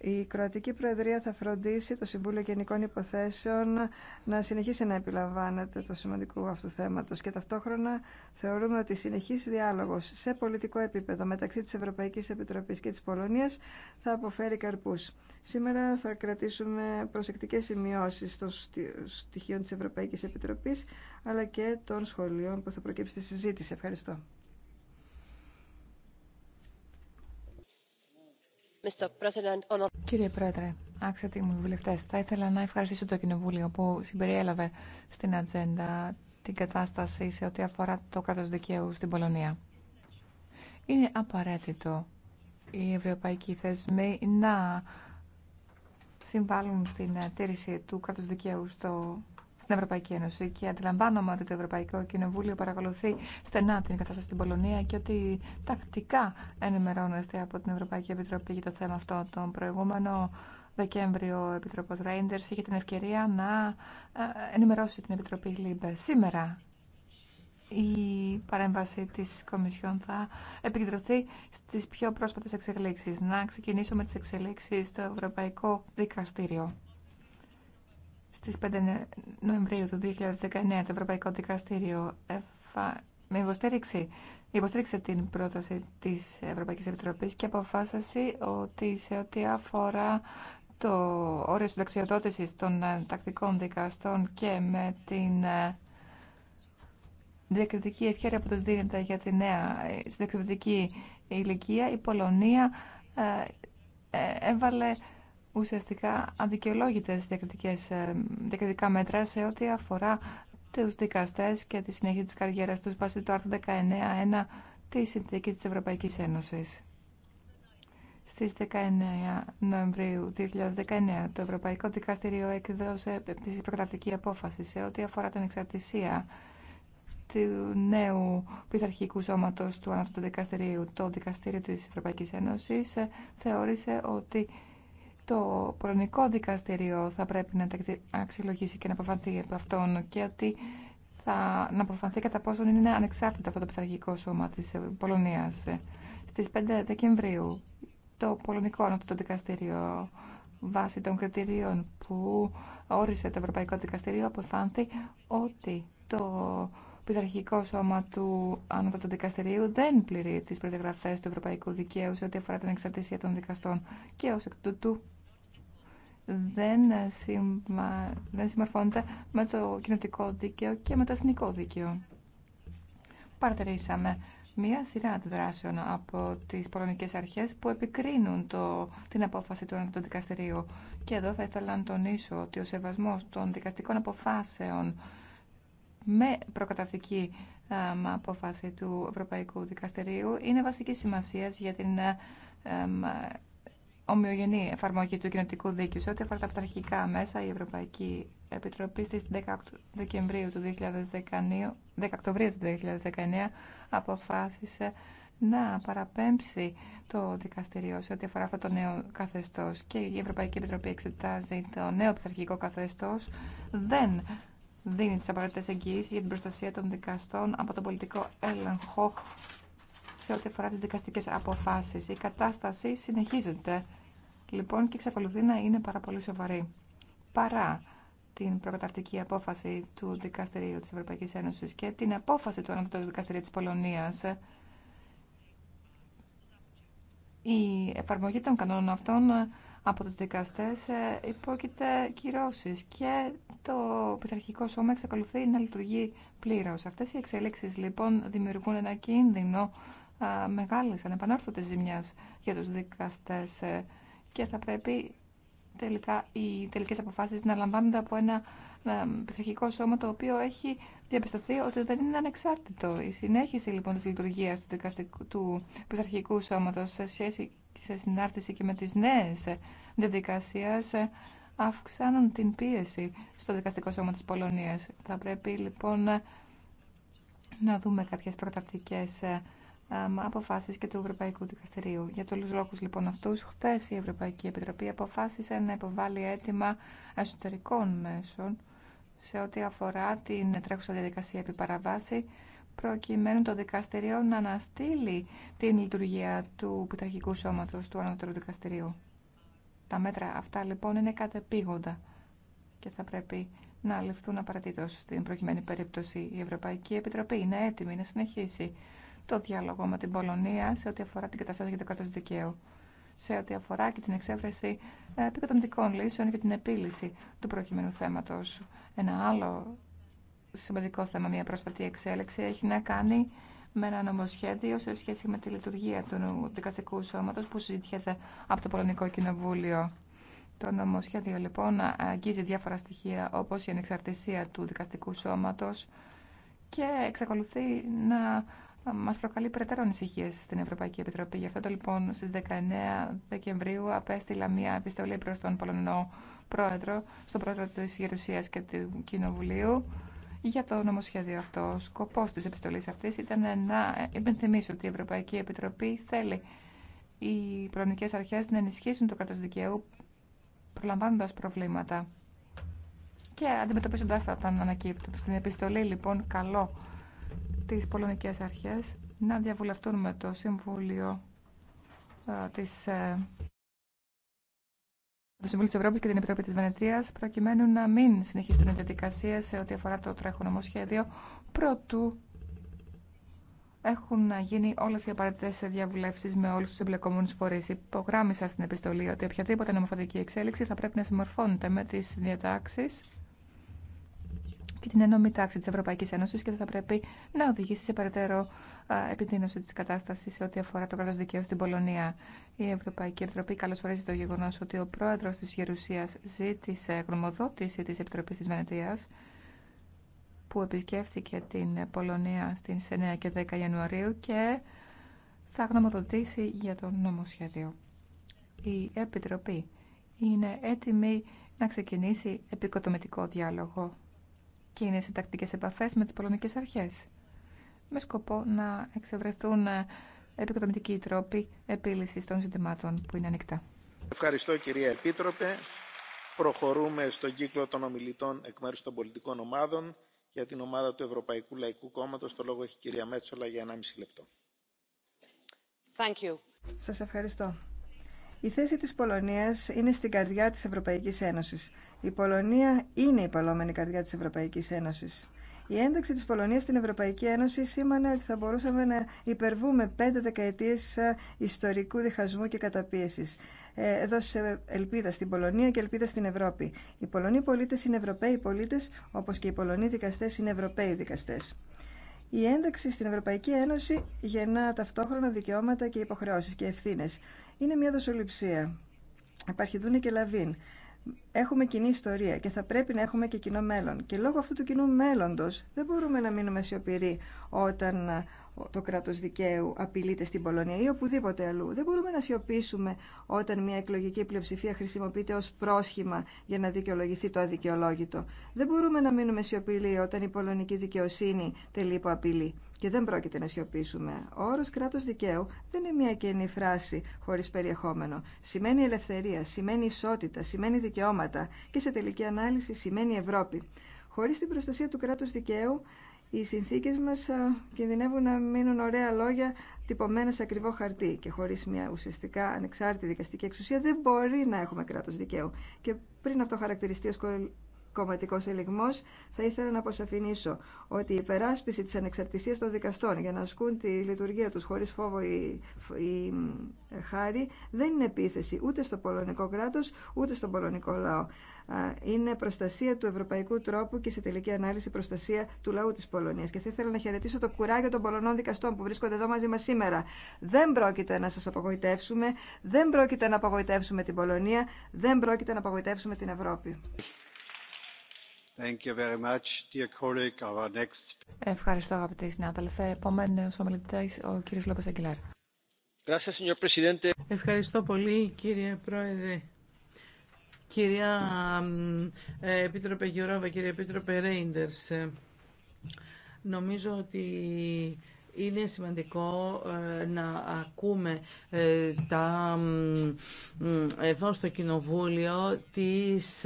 Η Κροατική Προεδρία θα φροντίσει το Συμβούλιο Γενικών Υποθέσεων να συνεχίσει να επιλαμβάνεται το σημαντικό αυτού θέματο. και ταυτόχρονα θεωρούμε ότι η συνεχής διάλογο σε πολιτικό επίπεδο μεταξύ της Ευρωπαϊκής Επιτροπής και της Πολωνίας θα αποφέρει καρπούς. Σήμερα θα κρατήσουμε προσεκτικέ σημειώσει των στοιχείων τη Ευρωπαϊκή Επιτροπή, αλλά και των σχολείων που θα προκύψει στη συζήτηση. Ευχαριστώ. Κύριε Πρόεδρε, άξιοι μου βουλευτέ, θα ήθελα να ευχαριστήσω το Κοινοβούλιο που συμπεριέλαβε στην ατζέντα την κατάσταση σε ό,τι αφορά το κράτο δικαίου στην Πολωνία. Είναι απαραίτητο οι ευρωπαϊκοί θεσμοί να συμβάλλουν στην τήρηση του κράτου δικαίου στο στην Ευρωπαϊκή Ένωση και αντιλαμβάνομαι ότι το Ευρωπαϊκό Κοινοβούλιο παρακολουθεί στενά την κατάσταση στην Πολωνία και ότι τακτικά ενημερώνεστε από την Ευρωπαϊκή Επιτροπή για το θέμα αυτό. Τον προηγούμενο Δεκέμβριο ο Επιτροπό Ρέιντερ είχε την ευκαιρία να ε, ενημερώσει την Επιτροπή ΛΥΜΠΕ. Σήμερα η παρέμβαση της Κομισιόν θα επικεντρωθεί στις πιο πρόσφατες εξελίξεις. Να ξεκινήσω με τις εξελίξεις στο Ευρωπαϊκό Δικαστήριο στις 5 Νοεμβρίου του 2019 το Ευρωπαϊκό Δικαστήριο με υποστήριξη υποστήριξε την πρόταση της Ευρωπαϊκής Επιτροπής και αποφάσισε ότι σε ό,τι αφορά το όριο συνταξιοδότησης των ε, τακτικών δικαστών και με την ε, διακριτική ευχαίρεια που τους δίνεται για τη νέα ε, συνταξιοδοτική ηλικία, η Πολωνία έβαλε ουσιαστικά αδικαιολόγητες ε, διακριτικά μέτρα σε ό,τι αφορά τους δικαστές και τη συνέχεια της καριέρας τους βάσει του άρθρου 19.1 της Συνθήκης της Ευρωπαϊκής Ένωσης. Στις 19 Νοεμβρίου 2019 το Ευρωπαϊκό Δικαστήριο εκδόσε επίσης προκρατική απόφαση σε ό,τι αφορά την εξαρτησία του νέου πειθαρχικού σώματος του Ανώτατου Δικαστηρίου. Το Δικαστήριο της Ευρωπαϊκής Ένωσης θεώρησε ότι το πολωνικό δικαστήριο θα πρέπει να αξιολογήσει και να αποφανθεί από αυτόν και ότι θα να αποφανθεί κατά πόσον είναι ανεξάρτητο αυτό το πειθαρχικό σώμα της ε, Πολωνίας. Στις 5 Δεκεμβρίου το πολωνικό ανώτατο δικαστήριο βάσει των κριτηρίων που όρισε το Ευρωπαϊκό Δικαστήριο αποφάνθη ότι το πειθαρχικό σώμα του Ανώτατου Δικαστηρίου δεν πληρεί τις προδιαγραφές του Ευρωπαϊκού Δικαίου σε ό,τι αφορά την εξαρτησία των δικαστών και ως εκ τούτου δεν, συμμα... δεν συμμορφώνεται με το κοινωτικό δίκαιο και με το εθνικό δίκαιο. Παρατηρήσαμε μία σειρά αντιδράσεων από τις πολωνικές αρχές που επικρίνουν το, την απόφαση του Ευρωπαϊκού δικαστηρίου. Και εδώ θα ήθελα να τονίσω ότι ο σεβασμός των δικαστικών αποφάσεων με προκαταρτική απόφαση του Ευρωπαϊκού Δικαστηρίου είναι βασική σημασία για την ομοιογενή εφαρμογή του κοινοτικού δίκαιου σε ό,τι αφορά τα πειθαρχικά μέσα, η Ευρωπαϊκή Επιτροπή στις 10 Δεκεμβρίου του 2019, 10 Οκτωβρίου του 2019 αποφάσισε να παραπέμψει το δικαστηρίο σε ό,τι αφορά αυτό το νέο καθεστώς και η Ευρωπαϊκή Επιτροπή εξετάζει το νέο πειθαρχικό καθεστώς δεν δίνει τις απαραίτητες εγγυήσεις για την προστασία των δικαστών από τον πολιτικό έλεγχο σε ό,τι αφορά τις δικαστικές αποφάσεις. Η κατάσταση συνεχίζεται λοιπόν και εξακολουθεί να είναι πάρα πολύ σοβαρή. Παρά την προκαταρτική απόφαση του Δικαστηρίου της Ευρωπαϊκής Ένωσης και την απόφαση του Ανατολικού Δικαστηρίου της Πολωνίας, η εφαρμογή των κανόνων αυτών από τους δικαστές ε, υπόκειται κυρώσεις και το πειθαρχικό σώμα εξακολουθεί να λειτουργεί πλήρως. Αυτές οι εξέλιξεις λοιπόν δημιουργούν ένα κίνδυνο μεγάλης ανεπανόρθωτης ζημιάς για τους δικαστές ε, και θα πρέπει τελικά οι τελικές αποφάσεις να λαμβάνονται από ένα ε, πειθαρχικό σώμα το οποίο έχει διαπιστωθεί ότι δεν είναι ανεξάρτητο. Η συνέχιση λοιπόν της λειτουργίας του, του πειθαρχικού σώματος σε, σχέση, σε συνάρτηση και με τις νέες διαδικασίες ε, αυξάνουν την πίεση στο δικαστικό σώμα της Πολωνίας. Θα πρέπει λοιπόν να δούμε κάποιες προτακτικές ε, Αποφάσει και του Ευρωπαϊκού Δικαστηρίου. Για τους λόγους λοιπόν αυτούς, χθες η Ευρωπαϊκή Επιτροπή αποφάσισε να υποβάλει αίτημα εσωτερικών μέσων σε ό,τι αφορά την τρέχουσα διαδικασία επί παραβάση, προκειμένου το δικαστηρίο να αναστείλει την λειτουργία του πειθαρχικού σώματος του Ανώτερου Δικαστηρίου. Τα μέτρα αυτά λοιπόν είναι κατεπήγοντα και θα πρέπει να ληφθούν απαραίτητο στην προκειμένη περίπτωση. Η Ευρωπαϊκή Επιτροπή είναι έτοιμη να συνεχίσει το διάλογο με την Πολωνία σε ό,τι αφορά την κατάσταση για το κράτο δικαίου, σε ό,τι αφορά και την εξέφραση ε, επικοδομητικών λύσεων και την επίλυση του προκειμένου θέματο. Ένα άλλο σημαντικό θέμα, μια πρόσφατη εξέλιξη, έχει να κάνει με ένα νομοσχέδιο σε σχέση με τη λειτουργία του δικαστικού σώματο που συζητιέται από το Πολωνικό Κοινοβούλιο. Το νομοσχέδιο λοιπόν αγγίζει διάφορα στοιχεία όπως η ανεξαρτησία του δικαστικού σώματος και εξακολουθεί να μα προκαλεί περαιτέρω ανησυχίε στην Ευρωπαϊκή Επιτροπή. Γι' αυτό το, λοιπόν στι 19 Δεκεμβρίου απέστειλα μία επιστολή προ τον Πολωνό Πρόεδρο, στον Πρόεδρο τη Γερουσία και του Κοινοβουλίου, για το νομοσχέδιο αυτό. Ο σκοπό τη επιστολή αυτή ήταν να υπενθυμίσω ότι η Ευρωπαϊκή Επιτροπή θέλει οι πολωνικέ αρχέ να ενισχύσουν το κράτο δικαίου, προλαμβάνοντα προβλήματα και αντιμετωπίζοντά τα όταν ανακύπτουν. Στην επιστολή, λοιπόν, καλό τις πολωνικές αρχές να διαβουλευτούν με το Συμβούλιο ε, της ε, το Συμβούλιο της Ευρώπη και την Επιτροπή της Βενετίας προκειμένου να μην συνεχίσουν οι διαδικασίε σε ό,τι αφορά το τρέχον νομοσχέδιο, προτού έχουν γίνει όλες οι απαραίτητες διαβουλεύσεις με όλους τους εμπλεκόμενους φορείς. Υπογράμμισα στην επιστολή ότι οποιαδήποτε νομοθετική εξέλιξη θα πρέπει να συμμορφώνεται με τις διατάξεις και την ενόμη τάξη της Ευρωπαϊκής Ένωσης και δεν θα πρέπει να οδηγήσει σε περαιτέρω επιδείνωση της κατάστασης σε ό,τι αφορά το κράτος δικαίου στην Πολωνία. Η Ευρωπαϊκή Επιτροπή καλωσορίζει το γεγονός ότι ο πρόεδρος της Γερουσίας ζήτησε γνωμοδότηση της Επιτροπής της Βενετίας που επισκέφθηκε την Πολωνία στις 9 και 10 Ιανουαρίου και θα γνωμοδοτήσει για το νομοσχέδιο. Η Επιτροπή είναι έτοιμη να ξεκινήσει επικοδομητικό διάλογο σε τακτικές επαφές με τις πολωνικές αρχές με σκοπό να εξευρεθούν ε, επικοδομητικοί τρόποι επίλυσης των ζητημάτων που είναι ανοιχτά. Ευχαριστώ κυρία Επίτροπε. Προχωρούμε στον κύκλο των ομιλητών εκ μέρους των πολιτικών ομάδων. Για την ομάδα του Ευρωπαϊκού Λαϊκού Κόμματος το λόγο έχει η κυρία Μέτσολα για 1,5 λεπτό. Thank Σας ευχαριστώ. Η θέση της Πολωνίας είναι στην καρδιά της Ευρωπαϊκής Ένωσης. Η Πολωνία είναι η παλόμενη καρδιά της Ευρωπαϊκής Ένωσης. Η ένταξη της Πολωνίας στην Ευρωπαϊκή Ένωση σήμανε ότι θα μπορούσαμε να υπερβούμε πέντε δεκαετίες ιστορικού διχασμού και καταπίεσης. Έδωσε ε, ελπίδα στην Πολωνία και ελπίδα στην Ευρώπη. Οι Πολωνοί πολίτες είναι Ευρωπαίοι πολίτες, όπως και οι Πολωνοί δικαστές είναι Ευρωπαίοι δικαστές. Η ένταξη στην Ευρωπαϊκή Ένωση γεννά ταυτόχρονα δικαιώματα και υποχρεώσεις και ευθύνες είναι μια δοσοληψία. Υπάρχει δούνε και λαβίν. Έχουμε κοινή ιστορία και θα πρέπει να έχουμε και κοινό μέλλον. Και λόγω αυτού του κοινού μέλλοντος δεν μπορούμε να μείνουμε σιωπηροί όταν ε, το κράτος δικαίου απειλείται στην Πολωνία ή οπουδήποτε αλλού. Δεν μπορούμε να σιωπήσουμε όταν μια εκλογική πλειοψηφία χρησιμοποιείται ως πρόσχημα για να δικαιολογηθεί το αδικαιολόγητο. Δεν μπορούμε να μείνουμε σιωπηροί όταν η πολωνική δικαιοσύνη τελεί από και δεν πρόκειται να σιωπήσουμε. Ο όρο κράτο δικαίου δεν είναι μια καινή φράση χωρί περιεχόμενο. Σημαίνει ελευθερία, σημαίνει ισότητα, σημαίνει δικαιώματα και σε τελική ανάλυση σημαίνει Ευρώπη. Χωρί την προστασία του κράτου δικαίου, οι συνθήκε μα κινδυνεύουν να μείνουν ωραία λόγια τυπωμένα σε ακριβό χαρτί. Και χωρί μια ουσιαστικά ανεξάρτητη δικαστική εξουσία δεν μπορεί να έχουμε κράτο δικαίου. Και πριν αυτό χαρακτηριστεί ω κομματικό ελιγμό, θα ήθελα να αποσαφηνίσω ότι η υπεράσπιση τη ανεξαρτησία των δικαστών για να ασκούν τη λειτουργία του, χωρί φόβο ή, ή χάρη δεν είναι επίθεση ούτε στο πολωνικό κράτο, ούτε στον πολωνικό λαό. Είναι προστασία του ευρωπαϊκού τρόπου και σε τελική ανάλυση προστασία του λαού τη Πολωνία. Και θα ήθελα να χαιρετήσω το κουράγιο των πολωνών δικαστών που βρίσκονται εδώ μαζί μα σήμερα. Δεν πρόκειται να σα απογοητεύσουμε, δεν πρόκειται να απογοητεύσουμε την Πολωνία, δεν πρόκειται να απογοητεύσουμε την Ευρώπη. Thank you very much, dear colleague. Our next... Ευχαριστώ αγαπητοί συνάδελφε. Επόμενος ομιλητής ο κύριος Λόπες Αγγιλάρ. Ευχαριστώ πολύ κύριε Πρόεδρε. Κυρία ε, Επίτροπε Γιωρόβα, κύριε Επίτροπε Ρέιντερς, ε, νομίζω ότι είναι σημαντικό ε, να ακούμε τα, εδώ στο Κοινοβούλιο τις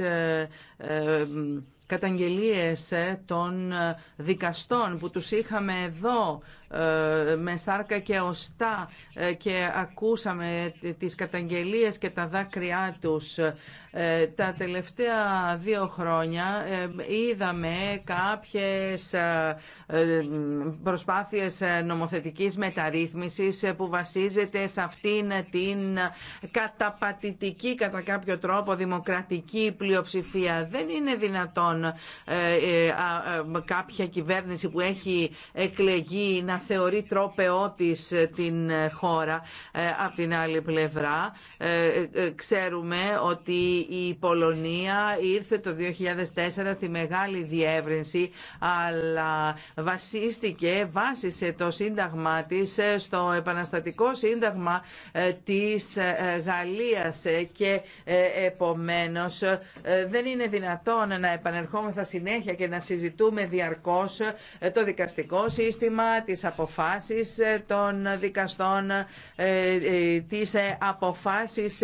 καταγγελίες ε, των ε, δικαστών που τους είχαμε εδώ ε, με σάρκα και οστά ε, και ακούσαμε τις καταγγελίες και τα δάκρυά τους. Ε, τα τελευταία δύο χρόνια είδαμε κάποιες προσπάθειες νομοθετικής μεταρρύθμισης που βασίζεται σε αυτήν την καταπατητική κατά κάποιο τρόπο δημοκρατική πλειοψηφία. Δεν είναι δυνατόν κάποια κυβέρνηση που έχει εκλεγεί να θεωρεί τρόπεό της ε, την ε, χώρα ε, από την άλλη πλευρά. Ξέρουμε ότι η Πολωνία ήρθε το 2004 στη μεγάλη διεύρυνση αλλά βασίστηκε, βάσισε το σύνταγμά της στο επαναστατικό σύνταγμα της Γαλλίας και επομένως δεν είναι δυνατόν να επανερχόμεθα συνέχεια και να συζητούμε διαρκώς το δικαστικό σύστημα, τις αποφάσεις ε, των δικαστών, ε, ε, τις αποφάσεις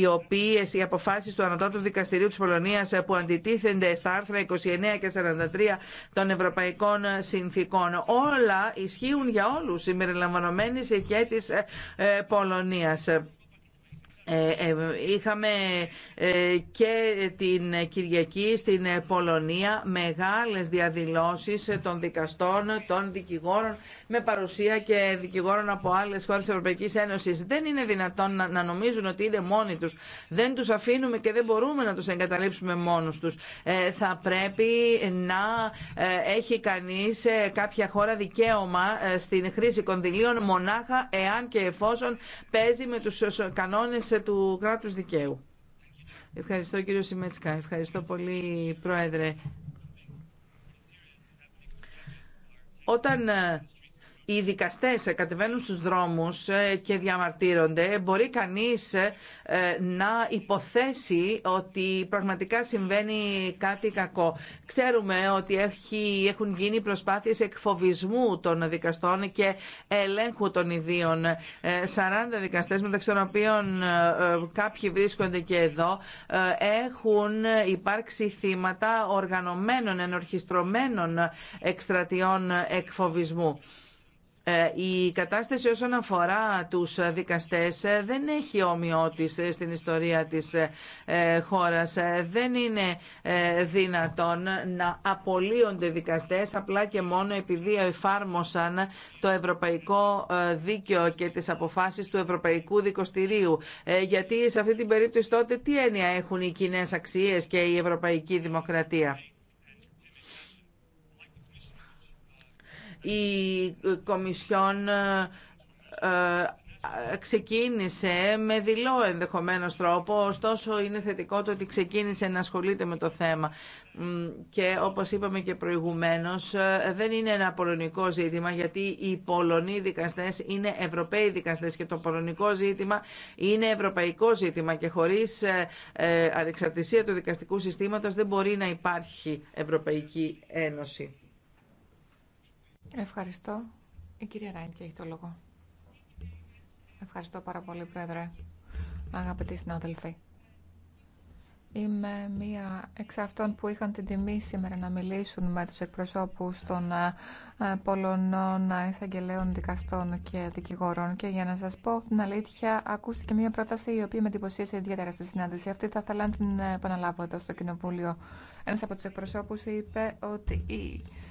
οι οποίες, οι αποφάσεις του Ανατότου Δικαστηρίου της Πολωνίας που αντιτίθενται στα άρθρα 29 και 43 των Ευρωπαϊκών Συνθήκων. Όλα ισχύουν για όλους, συμπεριλαμβανομένης και της Πολωνίας. Ε, ε, είχαμε ε, και την Κυριακή στην Πολωνία μεγάλες διαδηλώσεις των δικαστών, των δικηγόρων με παρουσία και δικηγόρων από άλλες χώρες της Ευρωπαϊκής Ένωσης. Δεν είναι δυνατόν να νομίζουν ότι είναι μόνοι τους. Δεν τους αφήνουμε και δεν μπορούμε να τους εγκαταλείψουμε μόνους τους. Θα πρέπει να έχει κανείς κάποια χώρα δικαίωμα στην χρήση κονδυλίων μονάχα εάν και εφόσον παίζει με τους κανόνες σε του κράτου δικαίου. Ευχαριστώ κύριο Σιμέτσκα. Ευχαριστώ πολύ πρόεδρε. Όταν ε, οι δικαστές κατεβαίνουν στους δρόμους ε, και διαμαρτύρονται, μπορεί κανείς ε, να υποθέσει ότι πραγματικά συμβαίνει κάτι κακό. Ξέρουμε ότι έχει, έχουν γίνει προσπάθειες εκφοβισμού των δικαστών και ελέγχου των ιδίων. 40 ε, δικαστές, μεταξύ των οποίων κάποιοι βρίσκονται και εδώ, έχουν υπάρξει θύματα οργανωμένων, ενορχιστρωμένων εκστρατιών εκφοβισμού. Ε, η κατάσταση όσον αφορά τους δικαστές ε, δεν έχει ομοιότηση ε, στην ιστορία της χώρας. Δεν είναι δυνατόν να απολύονται δικαστές απλά και μόνο επειδή εφάρμοσαν το ευρωπαϊκό δίκαιο και τις αποφάσεις του Ευρωπαϊκού Δικοστηρίου. Γιατί σε αυτή την περίπτωση τότε τι έννοια έχουν οι κοινέ αξίες και η ευρωπαϊκή δημοκρατία. η Κομισιόν ε, ε, ξεκίνησε με δειλό ενδεχομένω τρόπο, ωστόσο είναι θετικό το ότι ξεκίνησε να ασχολείται με το θέμα. Και όπως είπαμε και προηγουμένως, ε, δεν είναι ένα πολωνικό ζήτημα, γιατί οι Πολωνοί δικαστές είναι Ευρωπαίοι δικαστές και το πολωνικό ζήτημα είναι ευρωπαϊκό ζήτημα και χωρίς ανεξαρτησία του δικαστικού συστήματος δεν μπορεί να υπάρχει Ευρωπαϊκή Ένωση. Ευχαριστώ. Η κυρία και έχει το λόγο. Ευχαριστώ πάρα πολύ, Πρόεδρε. Αγαπητοί συνάδελφοι. Είμαι μία εξ αυτών που είχαν την τιμή σήμερα να μιλήσουν με τους εκπροσώπους των ε, Πολωνών εισαγγελέων δικαστών και δικηγόρων και για να σας πω την αλήθεια ακούστηκε μία πρόταση η οποία με εντυπωσίασε ιδιαίτερα στη συνάντηση αυτή θα ήθελα να την επαναλάβω εδώ στο Κοινοβούλιο. Ένας από τους εκπροσώπους είπε ότι